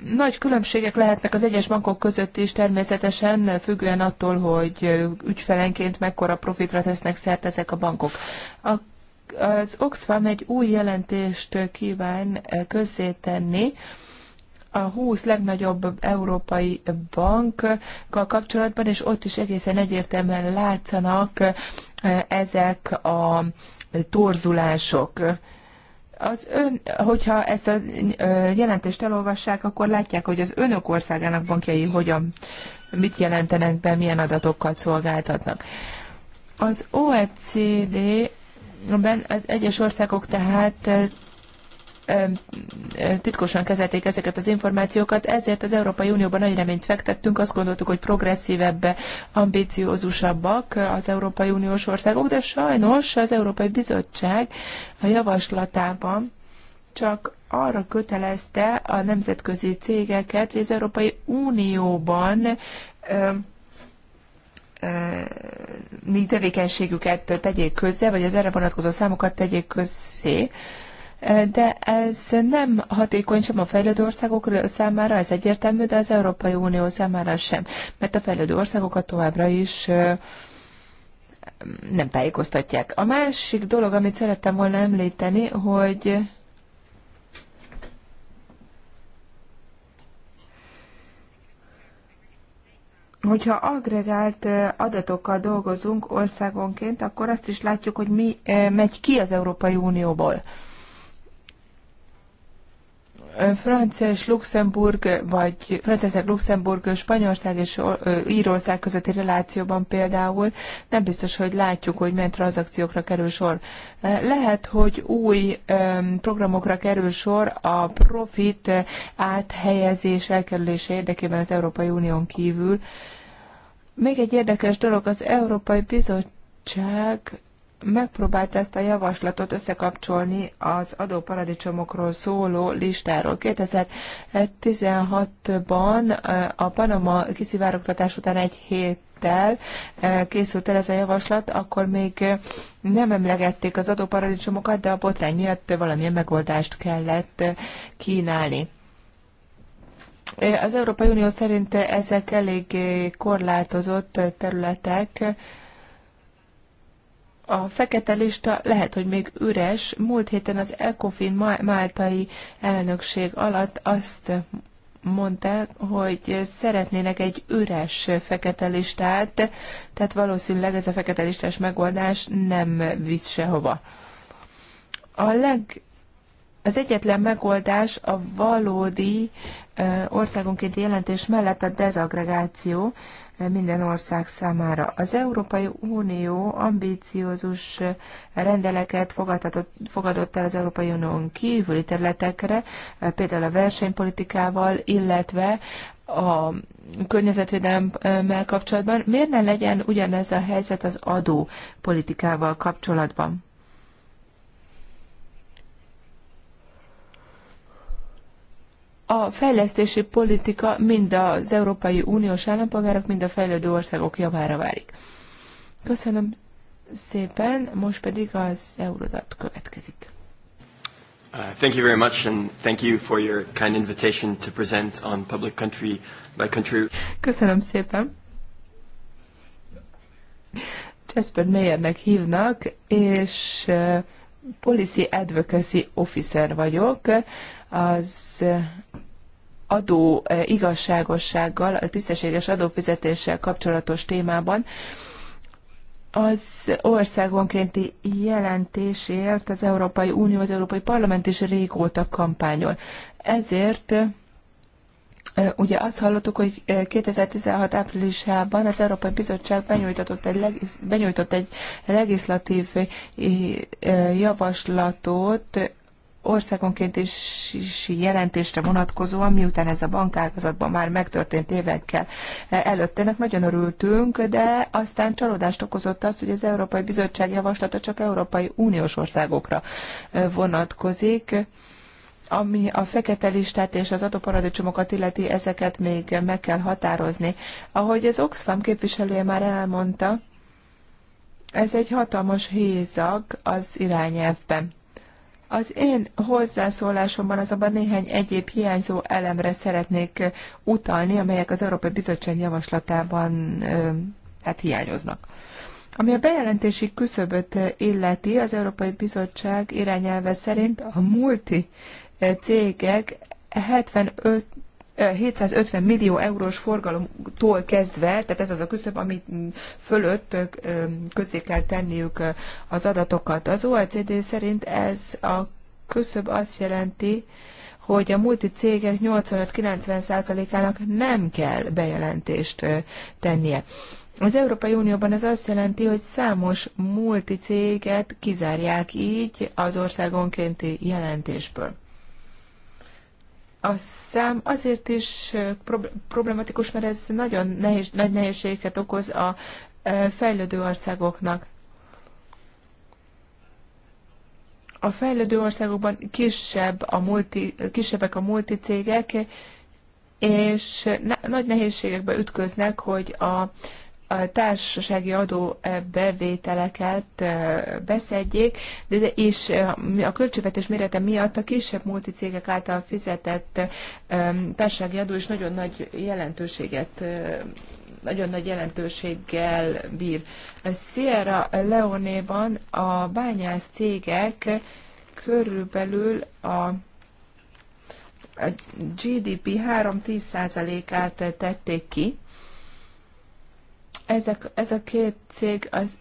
Nagy különbségek lehetnek az egyes bankok között is, természetesen függően attól, hogy ügyfelenként mekkora profitra tesznek szert ezek a bankok. A az Oxfam egy új jelentést kíván közzétenni, a 20 legnagyobb európai bankkal kapcsolatban, és ott is egészen egyértelműen látszanak ezek a torzulások. Az ön, hogyha ezt a jelentést elolvassák, akkor látják, hogy az önök országának bankjai hogyan, mit jelentenek be, milyen adatokat szolgáltatnak. Az OECD Ben egyes országok tehát titkosan kezelték ezeket az információkat, ezért az Európai Unióban nagy reményt fektettünk, azt gondoltuk, hogy progresszívebb, ambiciózusabbak az Európai Uniós országok, de sajnos az Európai Bizottság a javaslatában csak arra kötelezte a nemzetközi cégeket, hogy az Európai Unióban tevékenységüket tegyék közzé, vagy az erre vonatkozó számokat tegyék közzé de ez nem hatékony sem a fejlődő országok számára, ez egyértelmű, de az Európai Unió számára sem, mert a fejlődő országokat továbbra is nem tájékoztatják. A másik dolog, amit szerettem volna említeni, hogy Hogyha agregált adatokkal dolgozunk országonként, akkor azt is látjuk, hogy mi megy ki az Európai Unióból. Francia és Luxemburg, vagy Franciaország, Luxemburg, Spanyolország és Írország közötti relációban például nem biztos, hogy látjuk, hogy milyen tranzakciókra kerül sor. Lehet, hogy új programokra kerül sor a profit áthelyezés elkerülése érdekében az Európai Unión kívül. Még egy érdekes dolog, az Európai Bizottság megpróbált ezt a javaslatot összekapcsolni az adóparadicsomokról szóló listáról. 2016-ban eh, a Panama kiszivárogtatás után egy hét héttel eh, készült el ez a javaslat, akkor még nem emlegették az adóparadicsomokat, de a botrány miatt valamilyen megoldást kellett kínálni. Eh, az Európai Unió szerint ezek elég korlátozott területek, a fekete lista lehet, hogy még üres. Múlt héten az ECOFIN máltai elnökség alatt azt mondta, hogy szeretnének egy üres fekete listát, tehát valószínűleg ez a fekete listás megoldás nem visz sehova. A leg, az egyetlen megoldás a valódi országonkénti jelentés mellett a dezagregáció, minden ország számára. Az Európai Unió ambíciózus rendeleket fogadott el az Európai Unión kívüli területekre, például a versenypolitikával, illetve a környezetvédelemmel kapcsolatban. Miért ne legyen ugyanez a helyzet az adópolitikával kapcsolatban? a fejlesztési politika mind az Európai Uniós állampolgárok, mind a fejlődő országok javára válik. Köszönöm szépen, most pedig az Eurodat következik. Uh, thank you very much, and thank you for your kind invitation to present on public country by country. Köszönöm szépen. Jasper Mayernek hívnak, és uh, Policy Advocacy Officer vagyok az adó eh, igazságossággal, a tisztességes adófizetéssel kapcsolatos témában az országonkénti jelentésért az Európai Unió, az Európai Parlament is régóta kampányol. Ezért eh, Ugye azt hallottuk, hogy 2016 eh, áprilisában az Európai Bizottság benyújtott egy, benyújtott egy legislatív javaslatot országonként is, is jelentésre vonatkozóan, miután ez a bankágazatban már megtörtént évekkel Ennek nagyon örültünk, de aztán csalódást okozott az, hogy az Európai Bizottság javaslata csak Európai Uniós országokra vonatkozik ami a fekete listát és az adóparadicsomokat illeti, ezeket még meg kell határozni. Ahogy az Oxfam képviselője már elmondta, ez egy hatalmas hézag az irányelvben. Az én hozzászólásomban azonban néhány egyéb hiányzó elemre szeretnék utalni, amelyek az Európai Bizottság javaslatában hát hiányoznak. Ami a bejelentési küszöböt illeti, az Európai Bizottság irányelve szerint a multi cégek 75 750 millió eurós forgalomtól kezdve, tehát ez az a küszöb, amit fölött közé kell tenniük az adatokat. Az OECD szerint ez a küszöb azt jelenti, hogy a multi cégek 85-90%-ának nem kell bejelentést tennie. Az Európai Unióban ez azt jelenti, hogy számos multicéget kizárják így az országonkénti jelentésből a szám azért is problematikus, mert ez nagyon nehéz, nagy nehézséget okoz a fejlődő országoknak. A fejlődő országokban kisebb a multi, kisebbek a multicégek, és nagy nehézségekbe ütköznek, hogy a a társasági adó eh, bevételeket eh, beszedjék, de, de és eh, a költségvetés mérete miatt a kisebb multicégek által fizetett társasági adó is nagyon nagy jelentőséget nagyon nagy jelentőséggel bír. A Sierra Leone-ban a bányász cégek körülbelül a GDP 3-10%-át tették ki, ezek, ez a két cég, az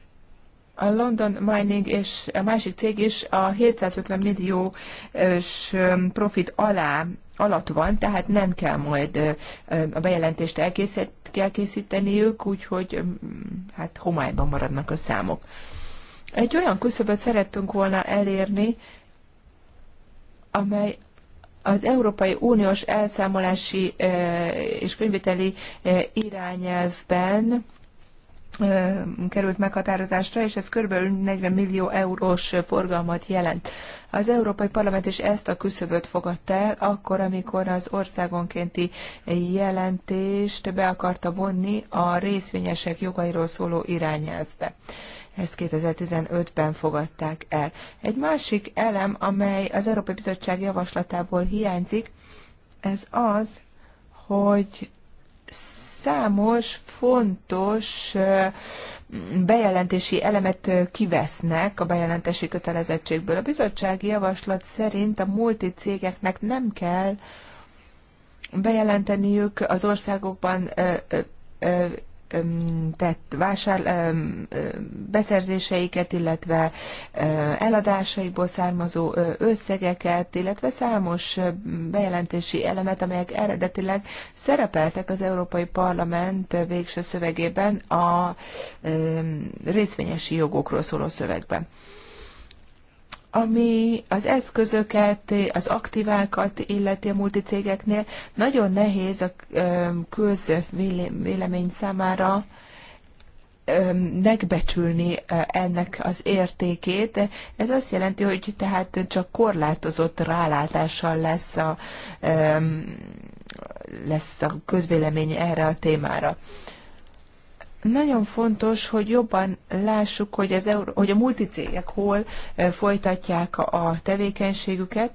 a London Mining és a másik cég is a 750 milliós profit alá alatt van, tehát nem kell majd a bejelentést elkészít, kell ők, úgyhogy hát homályban maradnak a számok. Egy olyan küszöböt szerettünk volna elérni, amely az Európai Uniós elszámolási és könyviteli irányelvben került meghatározásra, és ez kb. 40 millió eurós forgalmat jelent. Az Európai Parlament is ezt a küszöböt fogadta el, akkor, amikor az országonkénti jelentést be akarta vonni a részvényesek jogairól szóló irányelvbe. Ezt 2015-ben fogadták el. Egy másik elem, amely az Európai Bizottság javaslatából hiányzik, ez az, hogy számos fontos bejelentési elemet kivesznek a bejelentési kötelezettségből. A bizottsági javaslat szerint a multicégeknek nem kell bejelenteniük az országokban tett vásár, beszerzéseiket, illetve eladásaiból származó összegeket, illetve számos bejelentési elemet, amelyek eredetileg szerepeltek az Európai Parlament végső szövegében, a részvényesi jogokról szóló szövegben ami az eszközöket, az aktívákat illeti a multicégeknél, nagyon nehéz a közvélemény számára megbecsülni ennek az értékét. Ez azt jelenti, hogy tehát csak korlátozott rálátással lesz a, lesz a közvélemény erre a témára. Nagyon fontos, hogy jobban lássuk, hogy, az Euró- hogy a multicégek hol folytatják a tevékenységüket,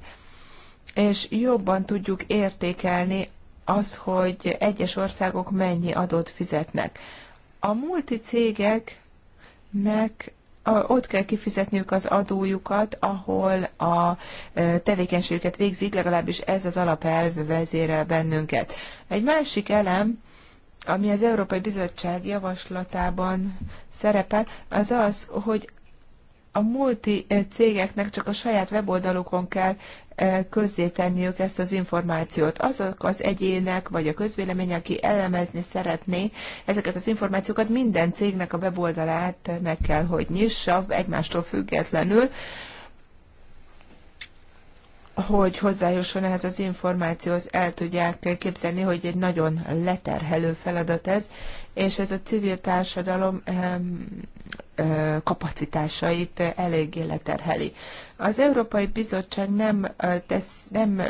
és jobban tudjuk értékelni az, hogy egyes országok mennyi adót fizetnek. A multicégeknek ott kell kifizetniük az adójukat, ahol a tevékenységüket végzik, legalábbis ez az alapelv vezérel bennünket. Egy másik elem, ami az Európai Bizottság javaslatában szerepel, az az, hogy a multi eh, cégeknek csak a saját weboldalukon kell eh, közzétenniük ezt az információt. Azok az egyének, vagy a közvélemény, aki elemezni szeretné ezeket az információkat, minden cégnek a weboldalát meg kell, hogy nyissa, egymástól függetlenül, hogy hozzájusson ehhez az információhoz, el tudják képzelni, hogy egy nagyon leterhelő feladat ez, és ez a civil társadalom kapacitásait eléggé leterheli. Az Európai Bizottság nem, tesz, nem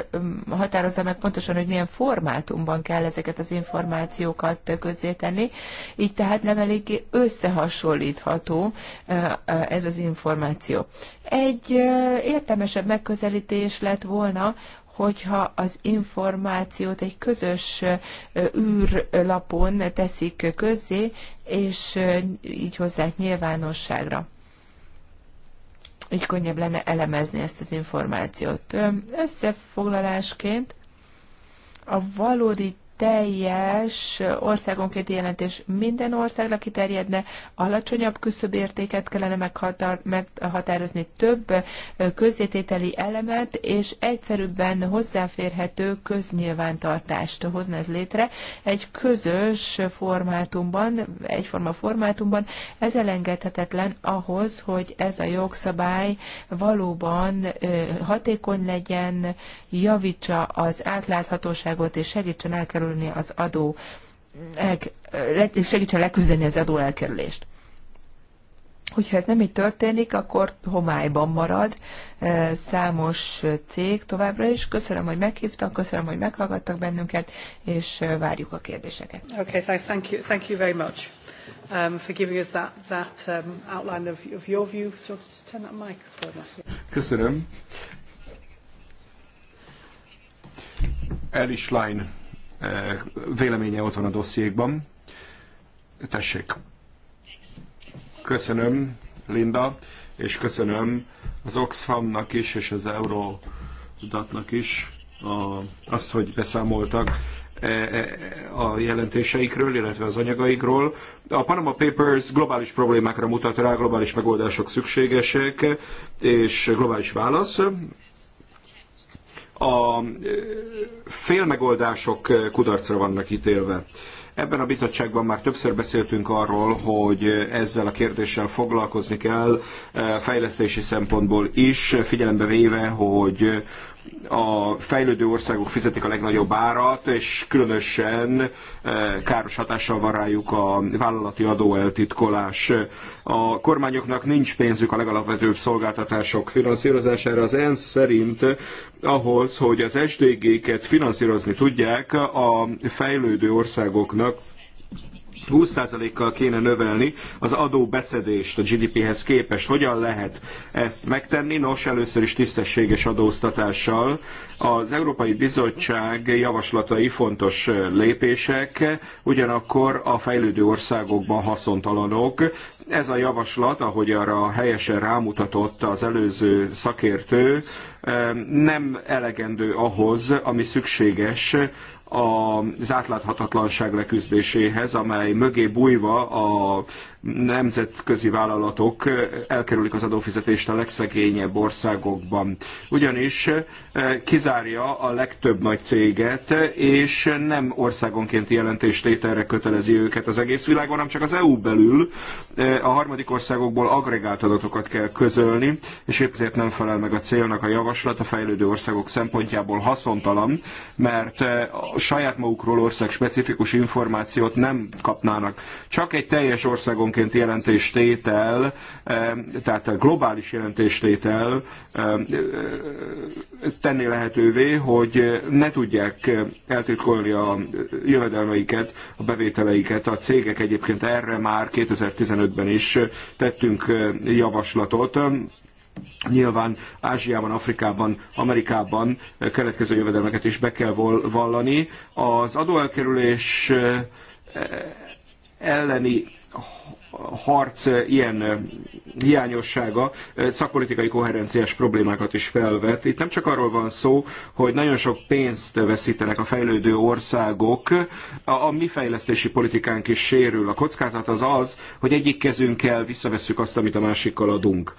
határozza meg pontosan, hogy milyen formátumban kell ezeket az információkat közzétenni, így tehát nem eléggé összehasonlítható ez az információ. Egy értelmesebb megközelítés lett volna, hogyha az információt egy közös űrlapon teszik közzé, és így hozzák nyilvánosságra így könnyebb lenne elemezni ezt az információt. Összefoglalásként a valódi teljes országonként jelentés minden országra kiterjedne, alacsonyabb küszöbértéket kellene meghatározni, több közzétételi elemet, és egyszerűbben hozzáférhető köznyilvántartást hozna ez létre egy közös formátumban, egyforma formátumban. Ez elengedhetetlen ahhoz, hogy ez a jogszabály valóban hatékony legyen, javítsa az átláthatóságot és segítsen elkerülni elkerülni az adó, segítsen leküzdeni az adó elkerülést. Hogyha ez nem így történik, akkor homályban marad e, számos cég továbbra is. Köszönöm, hogy meghívtak, köszönöm, hogy meghallgattak bennünket, és e, várjuk a kérdéseket. Okay, thank you, thank you very much um, for giving us that, that um, outline of, of your view. Just turn that microphone. Köszönöm. Elish Line Véleménye ott van a dossziékban. Tessék. Köszönöm, Linda, és köszönöm az Oxfamnak is, és az Eurodatnak is a, azt, hogy beszámoltak e, e, a jelentéseikről, illetve az anyagaikról. A Panama Papers globális problémákra mutat rá, globális megoldások szükségesek, és globális válasz, a félmegoldások kudarcra vannak ítélve. Ebben a bizottságban már többször beszéltünk arról, hogy ezzel a kérdéssel foglalkozni kell fejlesztési szempontból is, figyelembe véve, hogy a fejlődő országok fizetik a legnagyobb árat, és különösen eh, káros hatással van rájuk a vállalati adóeltitkolás. A kormányoknak nincs pénzük a legalapvetőbb szolgáltatások finanszírozására. Az ENSZ szerint ahhoz, hogy az SDG-ket finanszírozni tudják, a fejlődő országoknak 20%-kal kéne növelni az adóbeszedést a GDP-hez képest. Hogyan lehet ezt megtenni? Nos, először is tisztességes adóztatással. Az Európai Bizottság javaslatai fontos lépések, ugyanakkor a fejlődő országokban haszontalanok. Ez a javaslat, ahogy arra helyesen rámutatott az előző szakértő, nem elegendő ahhoz, ami szükséges az átláthatatlanság leküzdéséhez, amely mögé bújva a nemzetközi vállalatok elkerülik az adófizetést a legszegényebb országokban. Ugyanis kizárja a legtöbb nagy céget, és nem országonkénti jelentéstételre kötelezi őket az egész világon, hanem csak az EU belül a harmadik országokból agregált adatokat kell közölni, és épp ezért nem felel meg a célnak a javaslat a fejlődő országok szempontjából haszontalan, mert a saját magukról ország specifikus információt nem kapnának. Csak egy teljes országon országonként jelentéstétel, eh, tehát a globális jelentéstétel eh, eh, tenni lehetővé, hogy ne tudják eltitkolni a jövedelmeiket, a bevételeiket. A cégek egyébként erre már 2015-ben is tettünk javaslatot. Nyilván Ázsiában, Afrikában, Amerikában keletkező jövedelmeket is be kell vallani. Az adóelkerülés elleni harc eh, ilyen eh, hiányossága eh, szakpolitikai koherenciás problémákat is felvet. Itt nem csak arról van szó, hogy nagyon sok pénzt veszítenek a fejlődő országok, a, a mi fejlesztési politikánk is sérül. A kockázat az az, hogy egyik kezünkkel visszavesszük azt, amit a másikkal adunk.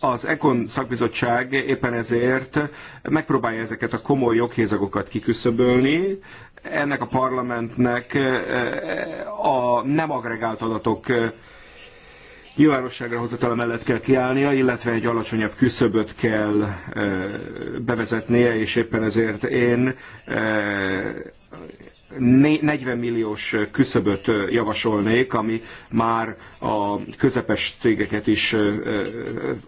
Az Ekon szakbizottság éppen ezért megpróbálja ezeket a komoly joghézagokat kiküszöbölni, ennek a parlamentnek e, e, a nem agregált adatok e, nyilvánosságra hozatala mellett kell kiállnia, illetve egy alacsonyabb küszöböt kell bevezetnie, és éppen ezért én 40 milliós küszöböt javasolnék, ami már a közepes cégeket is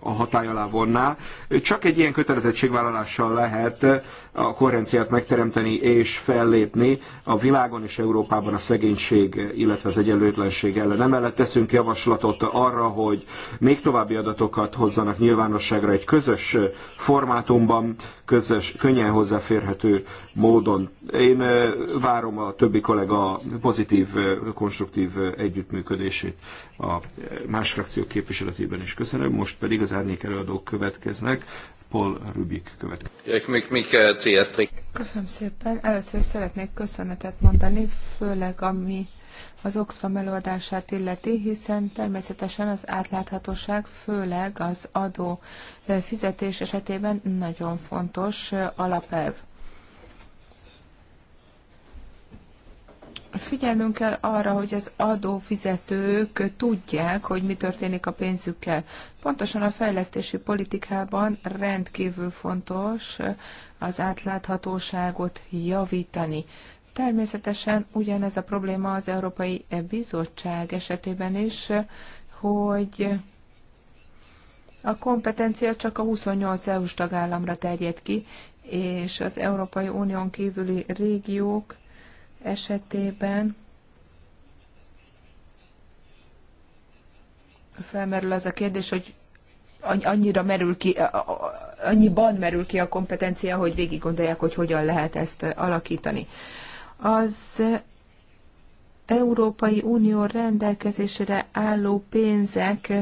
a hatály alá vonná. Csak egy ilyen kötelezettségvállalással lehet a koherenciát megteremteni és fellépni a világon és Európában a szegénység, illetve az egyenlőtlenség ellen. Emellett teszünk javaslatot arra, hogy még további adatokat hozzanak nyilvánosságra egy közös formátumban, közös, könnyen hozzáférhető módon. Én várom a többi kollega pozitív, konstruktív együttműködését a más frakciók képviseletében is köszönöm. Most pedig az árnyék előadók következnek. Paul Rubik következik. Köszönöm szépen. Először szeretnék köszönetet mondani, főleg ami az Oxfam előadását illeti, hiszen természetesen az átláthatóság, főleg az adó eh, fizetés esetében nagyon fontos eh, alapelv. figyelnünk kell arra, hogy az adófizetők tudják, hogy mi történik a pénzükkel. Pontosan a fejlesztési politikában rendkívül fontos az átláthatóságot javítani. Természetesen ugyanez a probléma az Európai Bizottság esetében is, hogy a kompetencia csak a 28 EU-s tagállamra terjed ki, és az Európai Unión kívüli régiók esetében felmerül az a kérdés, hogy annyira merül ki, annyiban merül ki a kompetencia, hogy végig gondolják, hogy hogyan lehet ezt alakítani. Az Európai Unió rendelkezésére álló pénzek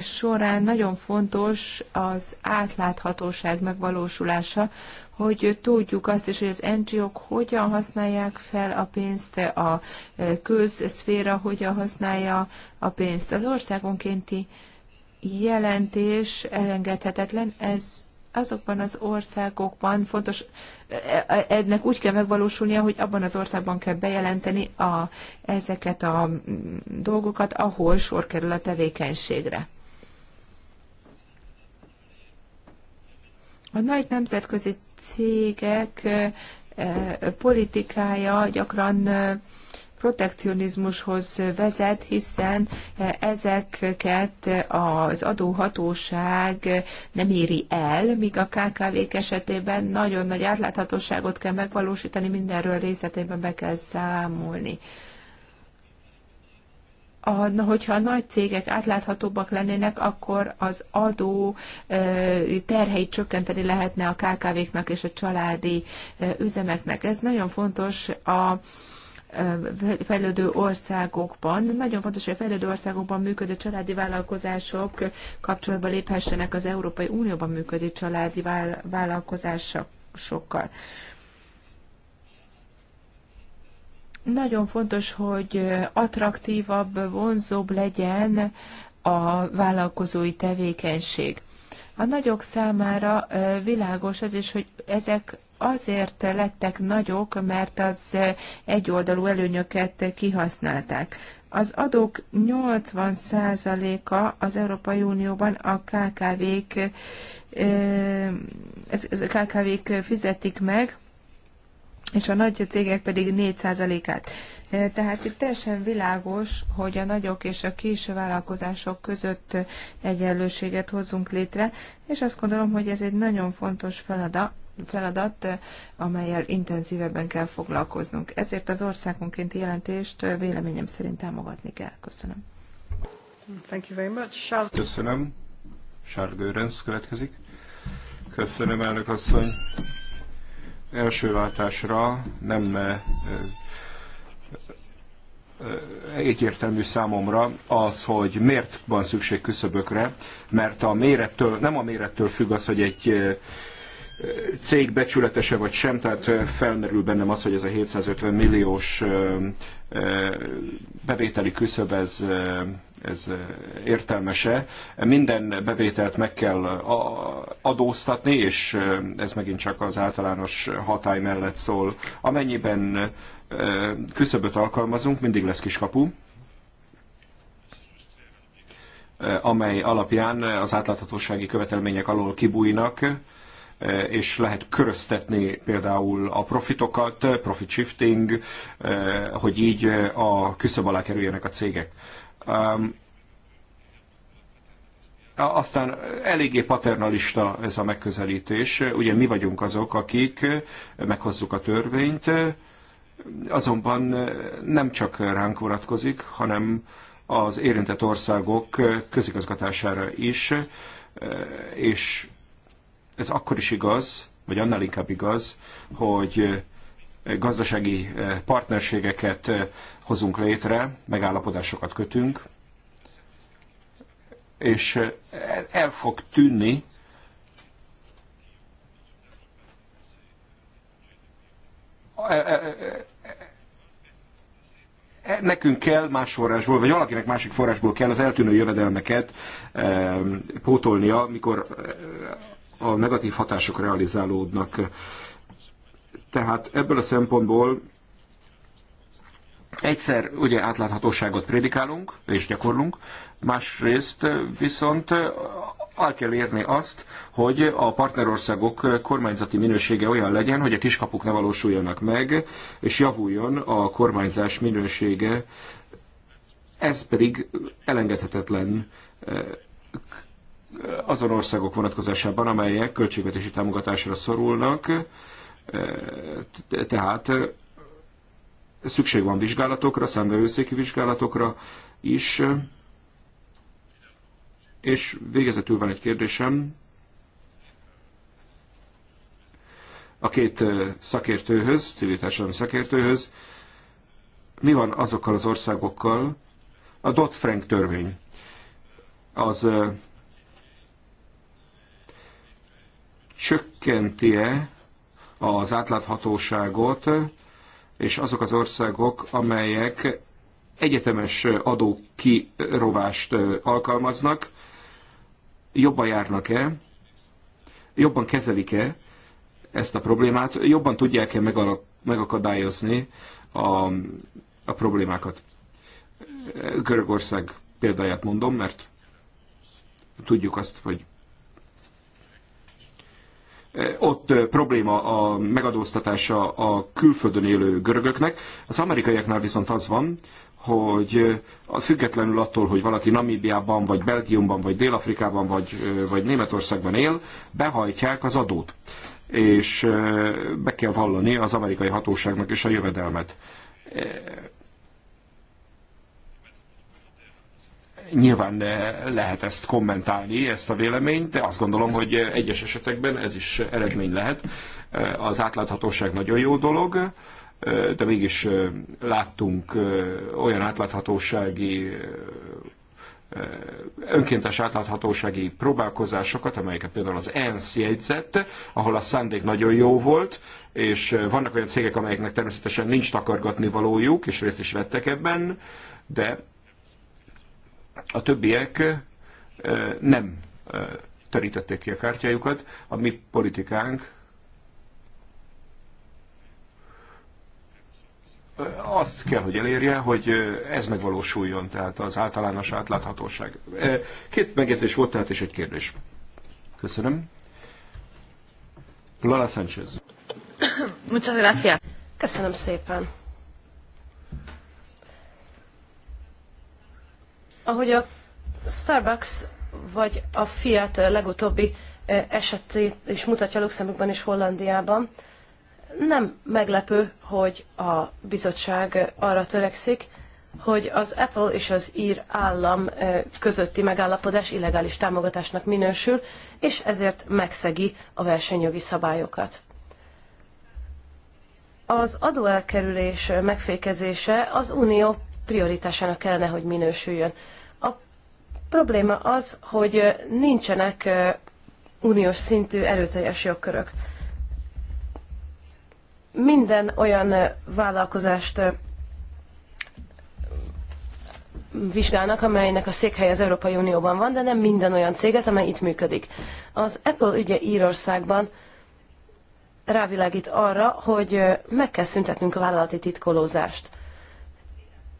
során nagyon fontos az átláthatóság megvalósulása, hogy tudjuk azt is, hogy az NGO-k hogyan használják fel a pénzt, a közszféra hogyan használja a pénzt. Az országonkénti jelentés elengedhetetlen, ez azokban az országokban fontos, ennek úgy kell megvalósulnia, hogy abban az országban kell bejelenteni a, ezeket a dolgokat, ahol sor kerül a tevékenységre. A nagy nemzetközi cégek politikája gyakran protekcionizmushoz vezet, hiszen ezeket az adóhatóság nem éri el, míg a KKV-k esetében nagyon nagy átláthatóságot kell megvalósítani, mindenről részletében be kell számolni a, hogyha a nagy cégek átláthatóbbak lennének, akkor az adó terheit csökkenteni lehetne a KKV-knak és a családi üzemeknek. Ez nagyon fontos a fejlődő országokban. Nagyon fontos, hogy a fejlődő országokban működő családi vállalkozások kapcsolatba léphessenek az Európai Unióban működő családi vállalkozásokkal. Nagyon fontos, hogy attraktívabb, vonzóbb legyen a vállalkozói tevékenység. A nagyok számára világos az is, hogy ezek azért lettek nagyok, mert az egyoldalú előnyöket kihasználták. Az adók 80%-a az Európai Unióban a KKV-k, ez, ez a KKV-k fizetik meg, és a nagy cégek pedig 4%-át. Eh, tehát itt teljesen világos, hogy a nagyok és a kis vállalkozások között egyenlőséget hozzunk létre, és azt gondolom, hogy ez egy nagyon fontos feladat, feladat, eh, amelyel intenzívebben kell foglalkoznunk. Ezért az országunként jelentést eh, véleményem szerint támogatni kell. Köszönöm. Thank you very much. Charles... Köszönöm. Charles Görens következik. Köszönöm, elnök asszony első váltásra nem egyértelmű számomra az, hogy miért van szükség küszöbökre, mert a mérettől, nem a mérettől függ az, hogy egy cég becsületese vagy sem, tehát felmerül bennem az, hogy ez a 750 milliós bevételi küszöb, ez, ez értelmese. Minden bevételt meg kell adóztatni, és ez megint csak az általános hatály mellett szól. Amennyiben küszöböt alkalmazunk, mindig lesz kiskapu amely alapján az átláthatósági követelmények alól kibújnak, Eh, és lehet köröztetni például a profitokat, eh, profit shifting, eh, hogy így a küszöb alá kerüljenek a cégek. Aztán eléggé paternalista ez a megközelítés. Ugye mi vagyunk azok, akik meghozzuk a törvényt, azonban nem csak ránk vonatkozik, hanem az érintett országok közigazgatására is, és ez akkor is igaz, vagy annál inkább igaz, hogy eh, gazdasági eh, partnerségeket eh, hozunk létre, megállapodásokat kötünk, és e-, el fog tűnni, e-, e-, nekünk kell más forrásból, vagy valakinek másik forrásból kell az eltűnő jövedelmeket pótolnia, mikor a negatív hatások realizálódnak. Tehát ebből a szempontból egyszer ugye átláthatóságot prédikálunk és gyakorlunk, másrészt viszont el kell érni azt, hogy a partnerországok kormányzati minősége olyan legyen, hogy a kiskapuk ne valósuljanak meg, és javuljon a kormányzás minősége. Ez pedig elengedhetetlen azon országok vonatkozásában, amelyek költségvetési támogatásra szorulnak, e, tehát e, szükség van vizsgálatokra, számbevőszéki vizsgálatokra is. És végezetül van egy kérdésem a két e, szakértőhöz, civil társadalmi szakértőhöz. Mi van azokkal az országokkal? A Dodd-Frank törvény az csökkenti-e az átláthatóságot, és azok az országok, amelyek egyetemes adókirovást alkalmaznak, jobban járnak-e, jobban kezelik-e ezt a problémát, jobban tudják-e megakadályozni a, a problémákat. Görögország példáját mondom, mert tudjuk azt, hogy ott probléma a megadóztatása a külföldön élő görögöknek. Az amerikaiaknál viszont az van, hogy függetlenül attól, hogy valaki Namíbiában, vagy Belgiumban, vagy Dél-Afrikában, vagy, vagy Németországban él, behajtják az adót. És be kell vallani az amerikai hatóságnak is a jövedelmet. Nyilván eh, lehet ezt kommentálni, ezt a véleményt, de azt gondolom, hogy eh, egyes esetekben ez is eredmény lehet. Eh, az átláthatóság nagyon jó dolog, de mégis láttunk olyan átláthatósági önkéntes átláthatósági próbálkozásokat, amelyeket például az ENSZ jegyzett, ahol a szándék nagyon jó volt, és vannak olyan cégek, amelyeknek természetesen nincs takargatni valójuk, és részt is vettek ebben, de a többiek nem terítették ki a kártyájukat. A mi politikánk azt kell, hogy elérje, hogy ez megvalósuljon, tehát az általános átláthatóság. Két megjegyzés volt, tehát és egy kérdés. Köszönöm. Lala Sánchez. Muchas gracias. Köszönöm szépen. ahogy a Starbucks vagy a Fiat legutóbbi esetét is mutatja Luxemburgban és Hollandiában, nem meglepő, hogy a bizottság arra törekszik, hogy az Apple és az ír állam közötti megállapodás illegális támogatásnak minősül, és ezért megszegi a versenyjogi szabályokat. Az adóelkerülés megfékezése az unió prioritásának kellene, hogy minősüljön probléma az, hogy nincsenek uniós szintű erőteljes jogkörök. Minden olyan vállalkozást vizsgálnak, amelynek a székhelye az Európai Unióban van, de nem minden olyan céget, amely itt működik. Az Apple ügye Írországban rávilágít arra, hogy meg kell szüntetnünk a vállalati titkolózást.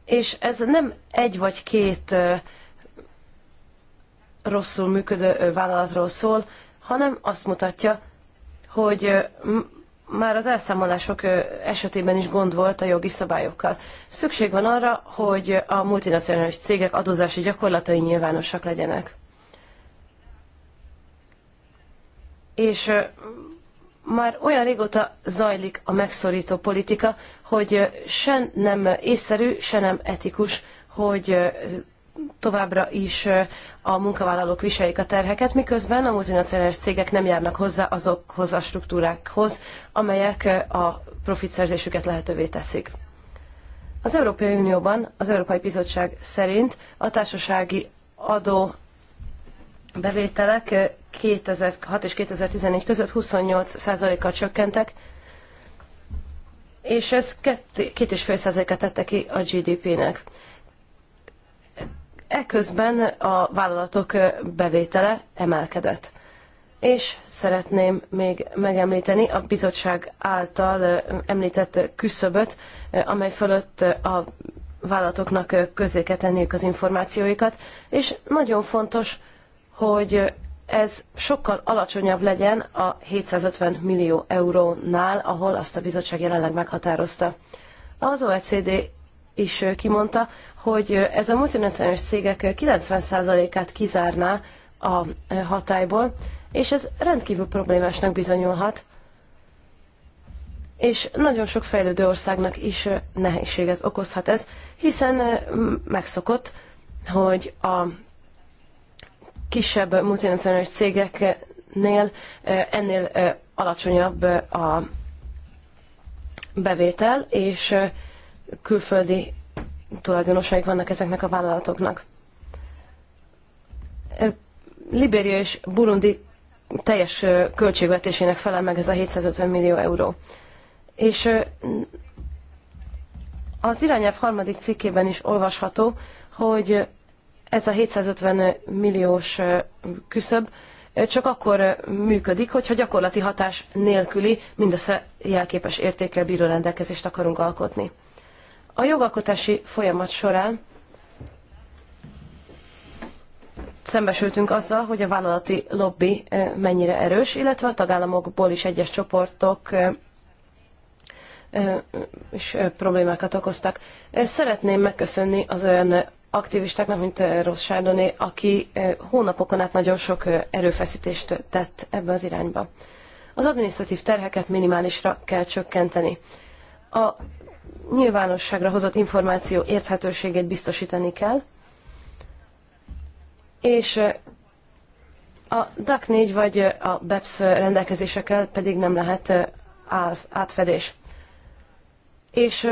És ez nem egy vagy két rosszul működő vállalatról szól, hanem azt mutatja, hogy már az elszámolások esetében is gond volt a jogi szabályokkal. Szükség van arra, hogy a multinacionális cégek adózási gyakorlatai nyilvánosak legyenek. És már olyan régóta zajlik a megszorító politika, hogy se nem észszerű, se nem etikus, hogy továbbra is a munkavállalók viselik a terheket, miközben a multinacionális cégek nem járnak hozzá azokhoz a struktúrákhoz, amelyek a profitszerzésüket lehetővé teszik. Az Európai Unióban az Európai Bizottság szerint a társasági adó bevételek 2006 és 2014 között 28%-kal csökkentek, és ez 2,5%-et tette ki a GDP-nek. Eközben a vállalatok bevétele emelkedett. És szeretném még megemlíteni a bizottság által említett küszöböt, amely fölött a vállalatoknak közzé kell tenniük az információikat, és nagyon fontos, hogy ez sokkal alacsonyabb legyen a 750 millió eurónál, ahol azt a bizottság jelenleg meghatározta. Az OECD is kimondta, hogy ez a multinacionális cégek 90%-át kizárná a hatályból, és ez rendkívül problémásnak bizonyulhat, és nagyon sok fejlődő országnak is nehézséget okozhat ez, hiszen megszokott, hogy a kisebb multinacionális cégeknél ennél alacsonyabb a bevétel, és külföldi tulajdonosai vannak ezeknek a vállalatoknak. Liberia és Burundi teljes költségvetésének felel meg ez a 750 millió euró. És az irányelv harmadik cikkében is olvasható, hogy ez a 750 milliós küszöb csak akkor működik, hogyha gyakorlati hatás nélküli, mindössze jelképes értékkel bíró rendelkezést akarunk alkotni. A jogalkotási folyamat során szembesültünk azzal, hogy a vállalati lobby eh, mennyire erős, illetve a tagállamokból is egyes csoportok és eh, eh, problémákat okoztak. Szeretném megköszönni az olyan aktivistáknak, mint Rossz Sárdoné, aki hónapokon át nagyon sok erőfeszítést tett ebbe az irányba. Az adminisztratív terheket minimálisra kell csökkenteni. A nyilvánosságra hozott információ érthetőségét biztosítani kell, és a DAC 4 vagy a BEPS rendelkezésekkel pedig nem lehet átfedés. És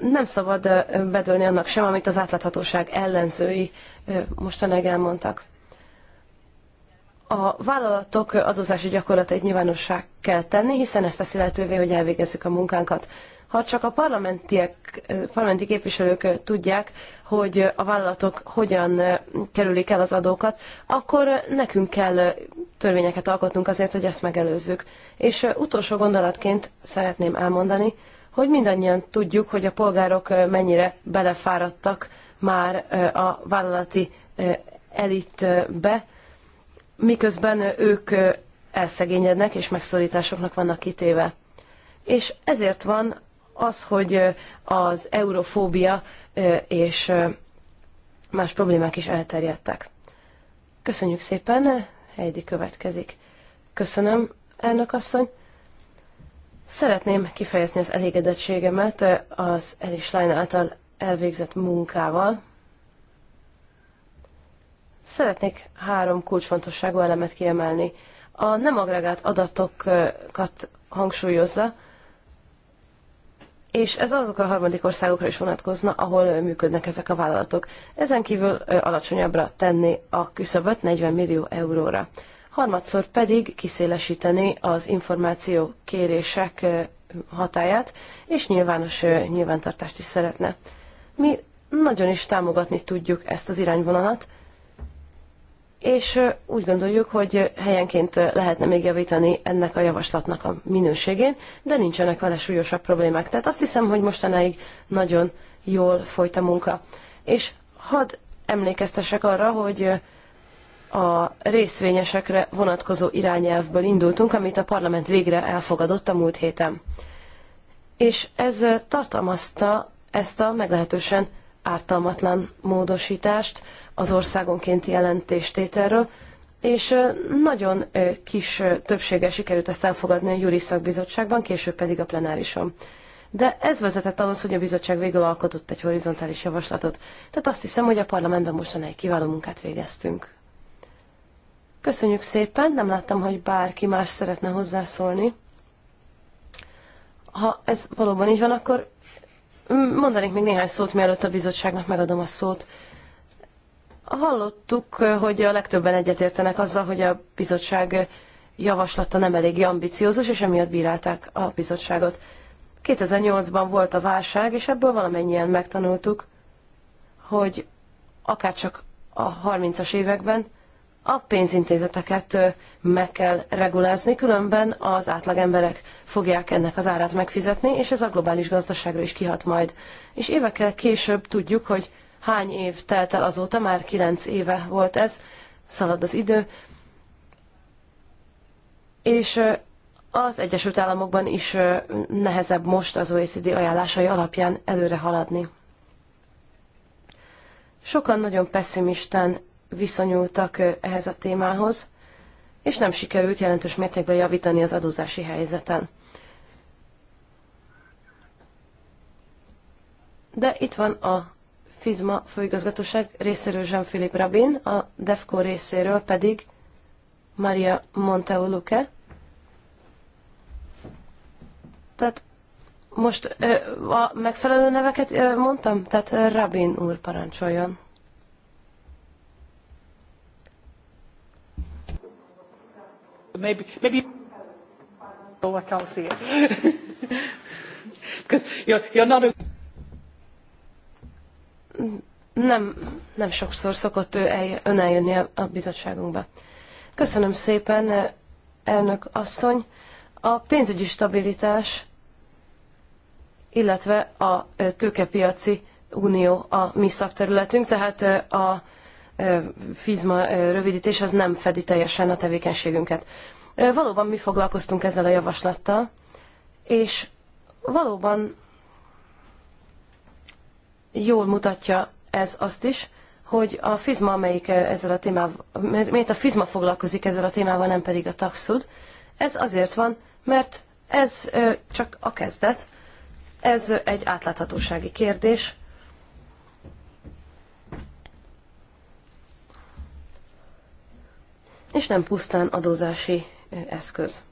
nem szabad bedölni annak sem, amit az átláthatóság ellenzői mostanáig elmondtak. A vállalatok adózási gyakorlatait nyilvánosság kell tenni, hiszen ezt teszi lehetővé, hogy elvégezzük a munkánkat. Ha csak a parlamentiek, parlamenti képviselők tudják, hogy a vállalatok hogyan kerülik el az adókat, akkor nekünk kell törvényeket alkotnunk azért, hogy ezt megelőzzük. És utolsó gondolatként szeretném elmondani, hogy mindannyian tudjuk, hogy a polgárok mennyire belefáradtak már a vállalati elitbe, miközben ők elszegényednek és megszorításoknak vannak kitéve. És ezért van az, hogy az eurofóbia és más problémák is elterjedtek. Köszönjük szépen, Heidi következik. Köszönöm, elnök asszony. Szeretném kifejezni az elégedettségemet az Elis Line által elvégzett munkával. Szeretnék három kulcsfontosságú elemet kiemelni. A nem agregált adatokat hangsúlyozza, és ez azok a harmadik országokra is vonatkozna, ahol működnek ezek a vállalatok. Ezen kívül alacsonyabbra tenni a küszöböt 40 millió euróra. Harmadszor pedig kiszélesíteni az információ kérések hatáját, és nyilvános nyilvántartást is szeretne. Mi nagyon is támogatni tudjuk ezt az irányvonalat, és úgy gondoljuk, hogy helyenként lehetne még javítani ennek a javaslatnak a minőségén, de nincsenek vele súlyosabb problémák. Tehát azt hiszem, hogy mostanáig nagyon jól folyt a munka. És hadd emlékeztessek arra, hogy a részvényesekre vonatkozó irányelvből indultunk, amit a parlament végre elfogadott a múlt héten. És ez tartalmazta ezt a meglehetősen ártalmatlan módosítást, az országonkénti jelentéstételről, és nagyon kis többséggel sikerült ezt elfogadni a Júri Szakbizottságban, később pedig a plenárison. De ez vezetett ahhoz, hogy a bizottság végül alkotott egy horizontális javaslatot. Tehát azt hiszem, hogy a parlamentben egy kiváló munkát végeztünk. Köszönjük szépen, nem láttam, hogy bárki más szeretne hozzászólni. Ha ez valóban így van, akkor mondanék még néhány szót, mielőtt a bizottságnak megadom a szót. Hallottuk, eh, hogy a legtöbben egyetértenek azzal, hogy a bizottság javaslata nem eléggé ambiciózus, és emiatt bírálták a bizottságot. 2008-ban volt a válság, és ebből valamennyien megtanultuk, hogy akárcsak a 30-as években a pénzintézeteket eh, meg kell regulázni, különben az átlagemberek fogják ennek az árát megfizetni, és ez a globális gazdaságra is kihat majd. És évekkel később tudjuk, hogy Hány év telt el azóta? Már kilenc éve volt ez. Szalad az idő. És az Egyesült Államokban is nehezebb most az OECD ajánlásai alapján előre haladni. Sokan nagyon pessimisten viszonyultak ehhez a témához, és nem sikerült jelentős mértékben javítani az adózási helyzeten. De itt van a FIZMA főigazgatóság részéről Jean-Philippe Rabin, a DEFCO részéről pedig Maria Monteoluke. Tehát most a megfelelő neveket mondtam? Tehát Rabin úr parancsoljon. Maybe, maybe... Oh, I can't see it. Because you're, you're not a nem, nem sokszor szokott ő el, ön eljönni a, a bizottságunkba. Köszönöm szépen, elnök asszony. A pénzügyi stabilitás, illetve a tőkepiaci unió a mi szakterületünk, tehát a FIZMA rövidítés az nem fedi teljesen a tevékenységünket. Valóban mi foglalkoztunk ezzel a javaslattal, és valóban jól mutatja ez azt is, hogy a FIZMA, amelyik eh, ezzel a témával, miért a FIZMA foglalkozik ezzel a témával, nem pedig a taxud, ez azért van, mert ez eh, csak a kezdet, ez eh, egy átláthatósági kérdés. És nem pusztán adózási eszköz.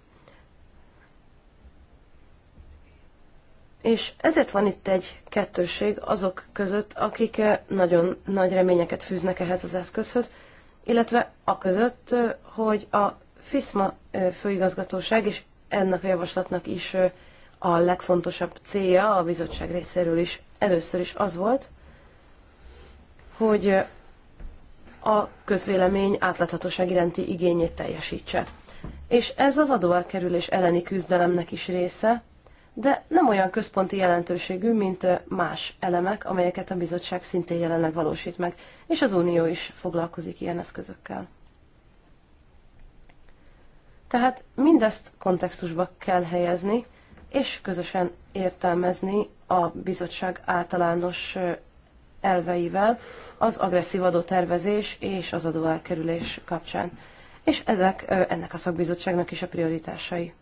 És ezért van itt egy kettőség azok között, akik eh, nagyon nagy reményeket fűznek ehhez az eszközhöz, illetve a között, eh, hogy a FISMA eh, főigazgatóság és ennek a javaslatnak is a legfontosabb célja a bizottság részéről is először is az volt, hogy a közvélemény átláthatóság iránti igényét teljesítse. És ez az adóelkerülés elleni küzdelemnek is része, de nem olyan központi jelentőségű, mint más elemek, amelyeket a bizottság szintén jelenleg valósít meg, és az Unió is foglalkozik ilyen eszközökkel. Tehát mindezt kontextusba kell helyezni, és közösen értelmezni a bizottság általános elveivel az agresszív adótervezés és az adóelkerülés kapcsán. És ezek ennek a szakbizottságnak is a prioritásai.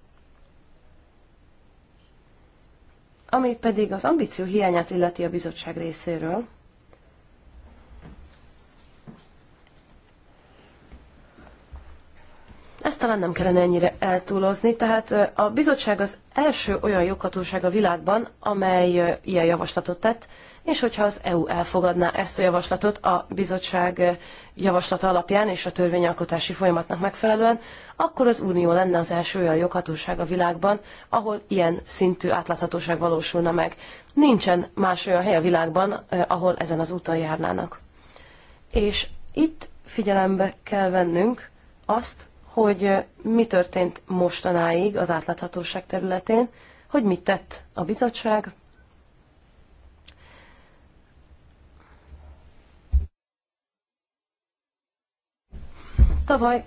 Ami pedig az ambíció hiányát illeti a bizottság részéről, ezt talán nem kellene ennyire eltúlozni, tehát a bizottság az első olyan joghatóság a világban, amely ilyen javaslatot tett, és hogyha az EU elfogadná ezt a javaslatot a bizottság javaslata alapján és a törvényalkotási folyamatnak megfelelően, akkor az Unió lenne az első olyan joghatóság a világban, ahol ilyen szintű átláthatóság valósulna meg. Nincsen más olyan hely a világban, eh, ahol ezen az úton járnának. És itt figyelembe kell vennünk azt, hogy eh, mi történt mostanáig az átláthatóság területén, hogy mit tett a bizottság, Tavaly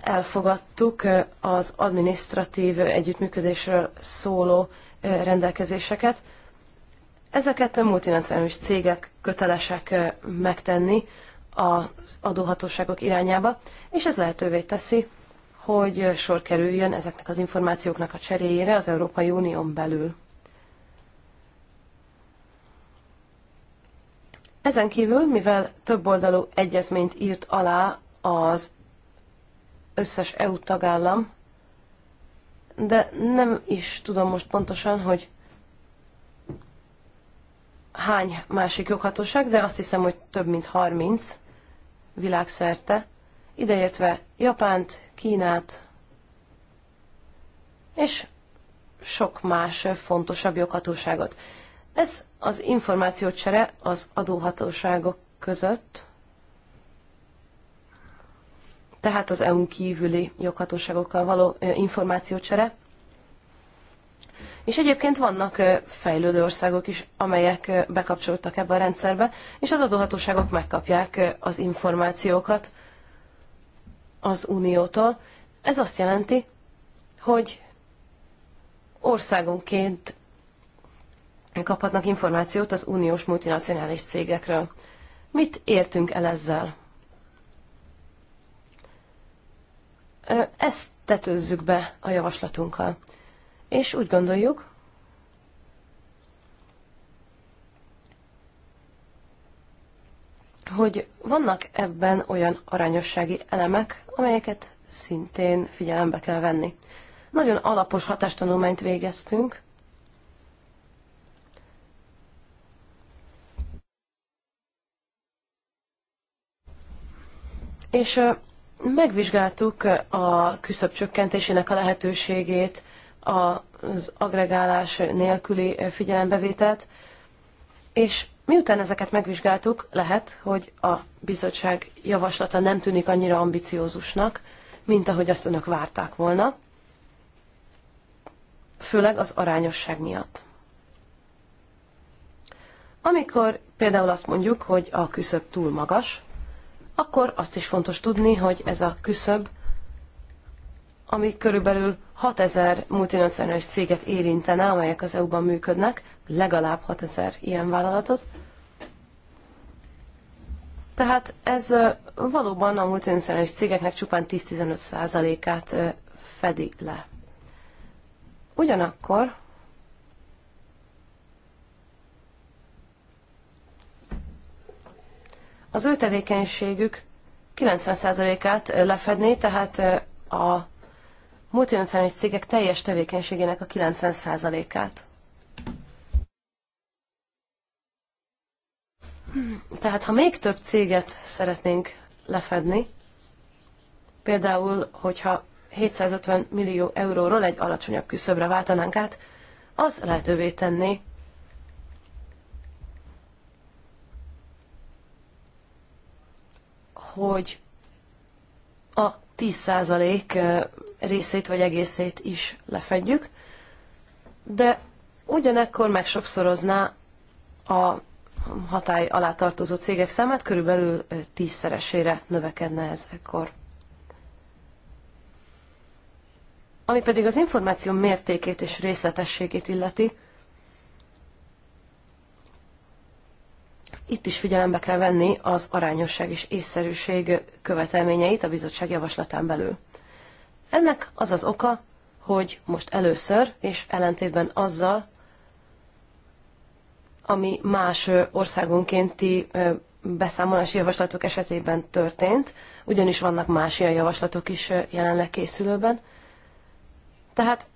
elfogadtuk az administratív együttműködésről szóló rendelkezéseket. Ezeket a multinacionális cégek kötelesek megtenni az adóhatóságok irányába, és ez lehetővé teszi, hogy sor kerüljön ezeknek az információknak a cseréjére az Európai Unión belül. Ezen kívül, mivel több oldalú egyezményt írt alá az összes EU tagállam, de nem is tudom most pontosan, hogy hány másik joghatóság, de azt hiszem, hogy több mint 30 világszerte, ideértve Japánt, Kínát és sok más fontosabb joghatóságot. Ez az információcsere az adóhatóságok között tehát az EU-n kívüli joghatóságokkal való információcsere. És egyébként vannak fejlődő országok is, amelyek bekapcsoltak ebbe a rendszerbe, és az adóhatóságok megkapják az információkat az Uniótól. Ez azt jelenti, hogy országonként kaphatnak információt az uniós multinacionális cégekről. Mit értünk el ezzel? Ezt tetőzzük be a javaslatunkkal. És úgy gondoljuk, hogy vannak ebben olyan arányossági elemek, amelyeket szintén figyelembe kell venni. Nagyon alapos hatástanulmányt végeztünk, és Megvizsgáltuk a küszöb csökkentésének a lehetőségét, az agregálás nélküli figyelembevételt, és miután ezeket megvizsgáltuk, lehet, hogy a bizottság javaslata nem tűnik annyira ambiciózusnak, mint ahogy azt önök várták volna, főleg az arányosság miatt. Amikor például azt mondjuk, hogy a küszöb túl magas, akkor azt is fontos tudni, hogy ez a küszöb, ami körülbelül 6000 multinacionális céget érintene, amelyek az EU-ban működnek, legalább 6000 ilyen vállalatot. Tehát ez valóban a multinacionális cégeknek csupán 10-15 százalékát fedi le. Ugyanakkor az ő tevékenységük 90%-át lefedné, tehát a multinacionális cégek teljes tevékenységének a 90%-át. Tehát ha még több céget szeretnénk lefedni, például, hogyha 750 millió euróról egy alacsonyabb küszöbre váltanánk át, az lehetővé tenné, hogy a 10% részét vagy egészét is lefedjük, de ugyanekkor meg sokszorozná a hatály alá tartozó cégek számát, körülbelül tízszeresére növekedne ez ekkor. Ami pedig az információ mértékét és részletességét illeti, Itt is figyelembe kell venni az arányosság és észszerűség követelményeit a bizottság javaslatán belül. Ennek az az oka, hogy most először, és ellentétben azzal, ami más országonkénti beszámolási javaslatok esetében történt, ugyanis vannak más ilyen javaslatok is jelenleg készülőben. Tehát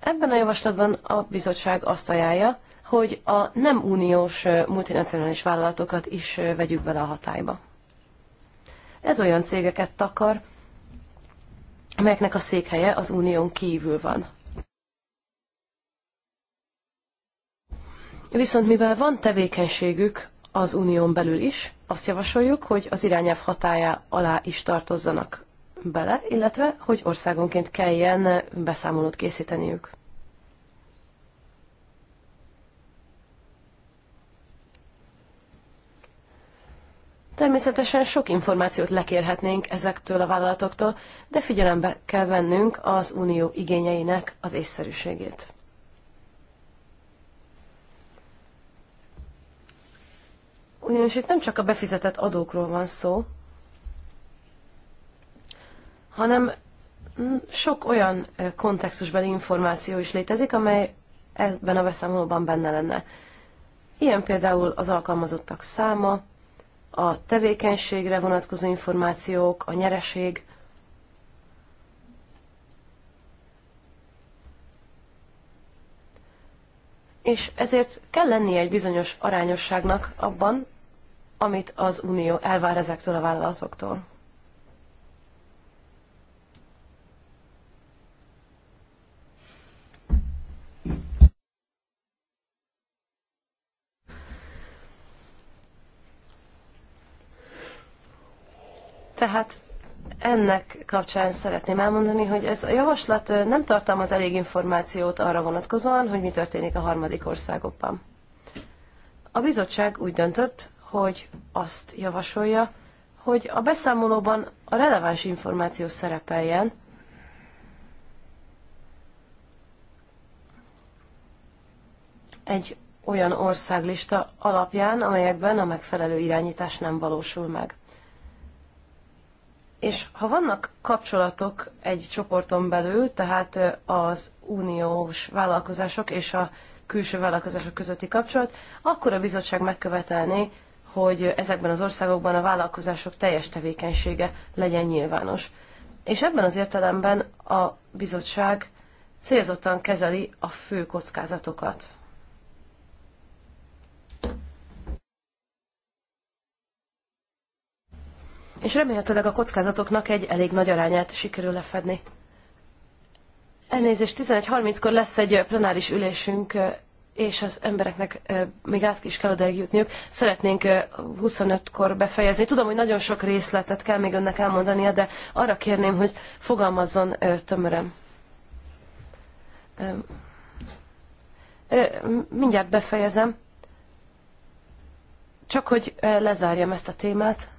ebben a javaslatban a bizottság azt ajánlja, hogy a nem uniós multinacionális vállalatokat is vegyük bele a hatályba. Ez olyan cégeket takar, amelyeknek a székhelye az unión kívül van. Viszont mivel van tevékenységük az unión belül is, azt javasoljuk, hogy az irányelv hatája alá is tartozzanak bele, illetve hogy országonként kelljen beszámolót készíteniük. Természetesen sok információt lekérhetnénk ezektől a vállalatoktól, de figyelembe kell vennünk az unió igényeinek az észszerűségét. Ugyanis itt nem csak a befizetett adókról van szó, hanem sok olyan kontextusbeli információ is létezik, amely ebben a beszámolóban benne lenne. Ilyen például az alkalmazottak száma, a tevékenységre vonatkozó információk, a nyereség, és ezért kell lennie egy bizonyos arányosságnak abban, amit az Unió elvár ezektől a vállalatoktól. Tehát ennek kapcsán szeretném elmondani, hogy ez a javaslat nem tartalmaz elég információt arra vonatkozóan, hogy mi történik a harmadik országokban. A bizottság úgy döntött, hogy azt javasolja, hogy a beszámolóban a releváns információ szerepeljen, egy olyan országlista alapján, amelyekben a megfelelő irányítás nem valósul meg. És ha vannak kapcsolatok egy csoporton belül, tehát az uniós vállalkozások és a külső vállalkozások közötti kapcsolat, akkor a bizottság megkövetelné, hogy ezekben az országokban a vállalkozások teljes tevékenysége legyen nyilvános. És ebben az értelemben a bizottság célzottan kezeli a fő kockázatokat. és remélhetőleg a kockázatoknak egy elég nagy arányát sikerül lefedni. Elnézést, 11.30-kor lesz egy plenáris ülésünk, és az embereknek még át is kell odaig jutniuk. Szeretnénk 25-kor befejezni. Tudom, hogy nagyon sok részletet kell még önnek elmondania, de arra kérném, hogy fogalmazzon tömörem. Mindjárt befejezem. Csak hogy lezárjam ezt a témát.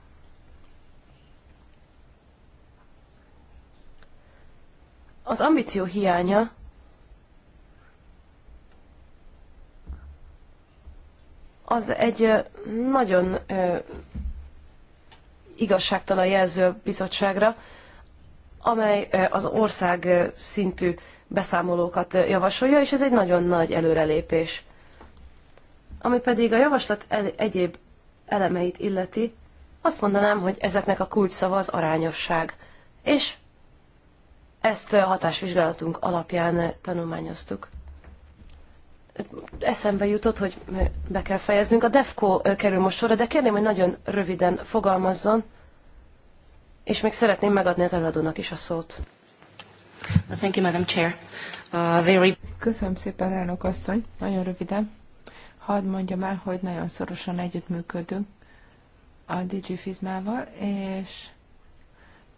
Az ambíció hiánya az egy nagyon igazságtalan jelző bizottságra, amely az ország szintű beszámolókat javasolja, és ez egy nagyon nagy előrelépés. Ami pedig a javaslat egyéb elemeit illeti, azt mondanám, hogy ezeknek a kulcsszava az arányosság. És ezt a hatásvizsgálatunk alapján tanulmányoztuk. Eszembe jutott, hogy be kell fejeznünk. A DEFCO kerül most sorra, de kérném, hogy nagyon röviden fogalmazzon, és még szeretném megadni az előadónak is a szót. Thank you, Madam Chair. Uh, very... Köszönöm szépen, elnök asszony. Nagyon röviden. Hadd mondjam el, hogy nagyon szorosan együttműködünk a Digifizmával, és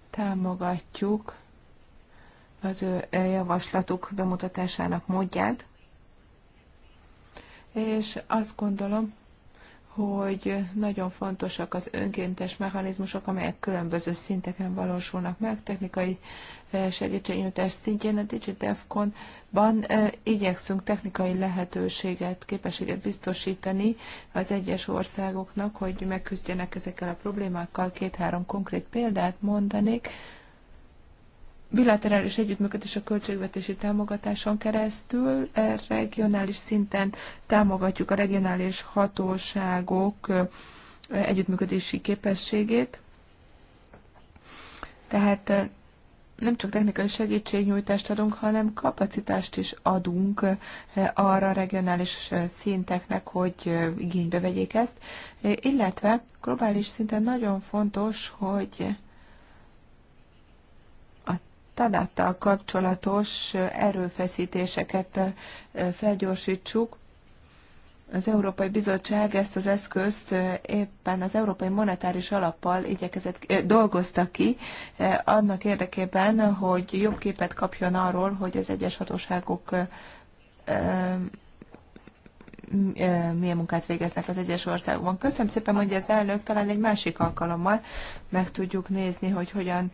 támogatjuk az ő e, javaslatuk bemutatásának módját, és azt gondolom, hogy nagyon fontosak az önkéntes mechanizmusok, amelyek különböző szinteken valósulnak meg, technikai e, segítségnyújtás szintjén a DigiDevCon-ban e, igyekszünk technikai lehetőséget, képességet biztosítani az egyes országoknak, hogy megküzdjenek ezekkel a problémákkal. Két-három konkrét példát mondanék bilaterális együttműködés a költségvetési támogatáson keresztül e regionális szinten támogatjuk a regionális hatóságok együttműködési képességét. Tehát nem csak technikai segítségnyújtást adunk, hanem kapacitást is adunk arra a regionális szinteknek, hogy igénybe vegyék ezt, illetve globális szinten nagyon fontos, hogy Tanáttal kapcsolatos erőfeszítéseket felgyorsítsuk. Az Európai Bizottság ezt az eszközt éppen az Európai Monetáris Alappal igyekezett, dolgozta ki, annak érdekében, hogy jobb képet kapjon arról, hogy az egyes hatóságok milyen munkát végeznek az egyes országokban. Köszönöm szépen, mondja az elnök, talán egy másik alkalommal meg tudjuk nézni, hogy hogyan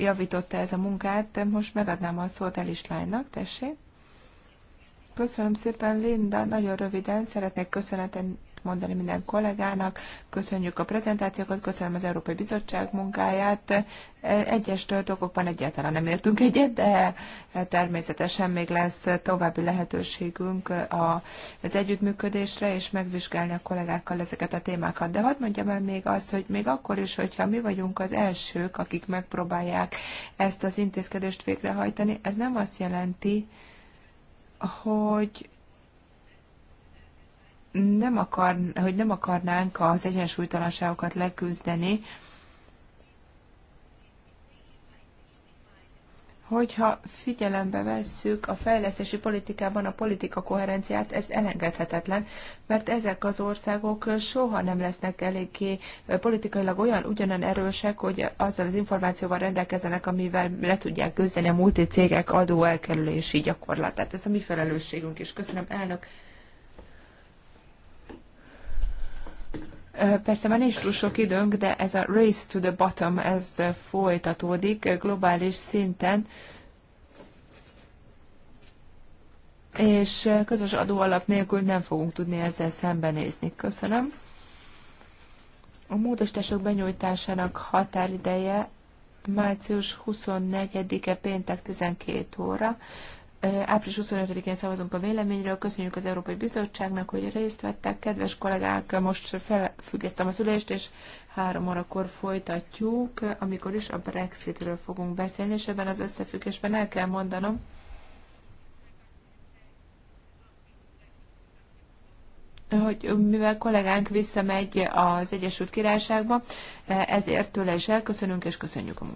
javította ez a munkát. Most megadnám a szót Elis lánynak, tessék. Köszönöm szépen, Linda. Nagyon röviden szeretnék köszönetet mondani minden kollégának. Köszönjük a prezentációkat, köszönöm az Európai Bizottság munkáját. E, egyes töltókokban egyáltalán nem értünk egyet, de természetesen még lesz további lehetőségünk az együttműködésre, és megvizsgálni a kollégákkal ezeket a témákat. De hadd mondjam el még azt, hogy még akkor is, hogyha mi vagyunk az elsők, akik megpróbálják ezt az intézkedést végrehajtani, ez nem azt jelenti, hogy nem akar, hogy nem akarnánk az egyensúlytalanságokat leküzdeni, hogyha figyelembe vesszük a fejlesztési politikában a politika koherenciát, ez elengedhetetlen, mert ezek az országok soha nem lesznek eléggé politikailag olyan ugyanan erősek, hogy azzal az információval rendelkezenek, amivel le tudják küzdeni a multicégek adóelkerülési gyakorlatát. Ez a mi felelősségünk is. Köszönöm, elnök Persze már nincs túl sok időnk, de ez a race to the bottom, ez folytatódik globális szinten. És közös adóalap nélkül nem fogunk tudni ezzel szembenézni. Köszönöm. A módosítások benyújtásának határideje március 24-e péntek 12 óra április 25-én szavazunk a véleményről. Köszönjük az Európai Bizottságnak, hogy részt vettek. Kedves kollégák, most felfüggesztem a szülést, és három órakor folytatjuk, amikor is a Brexitről fogunk beszélni, és ebben az összefüggésben el kell mondanom, hogy mivel kollégánk visszamegy az Egyesült Királyságba, ezért tőle is elköszönünk, és köszönjük a munkát.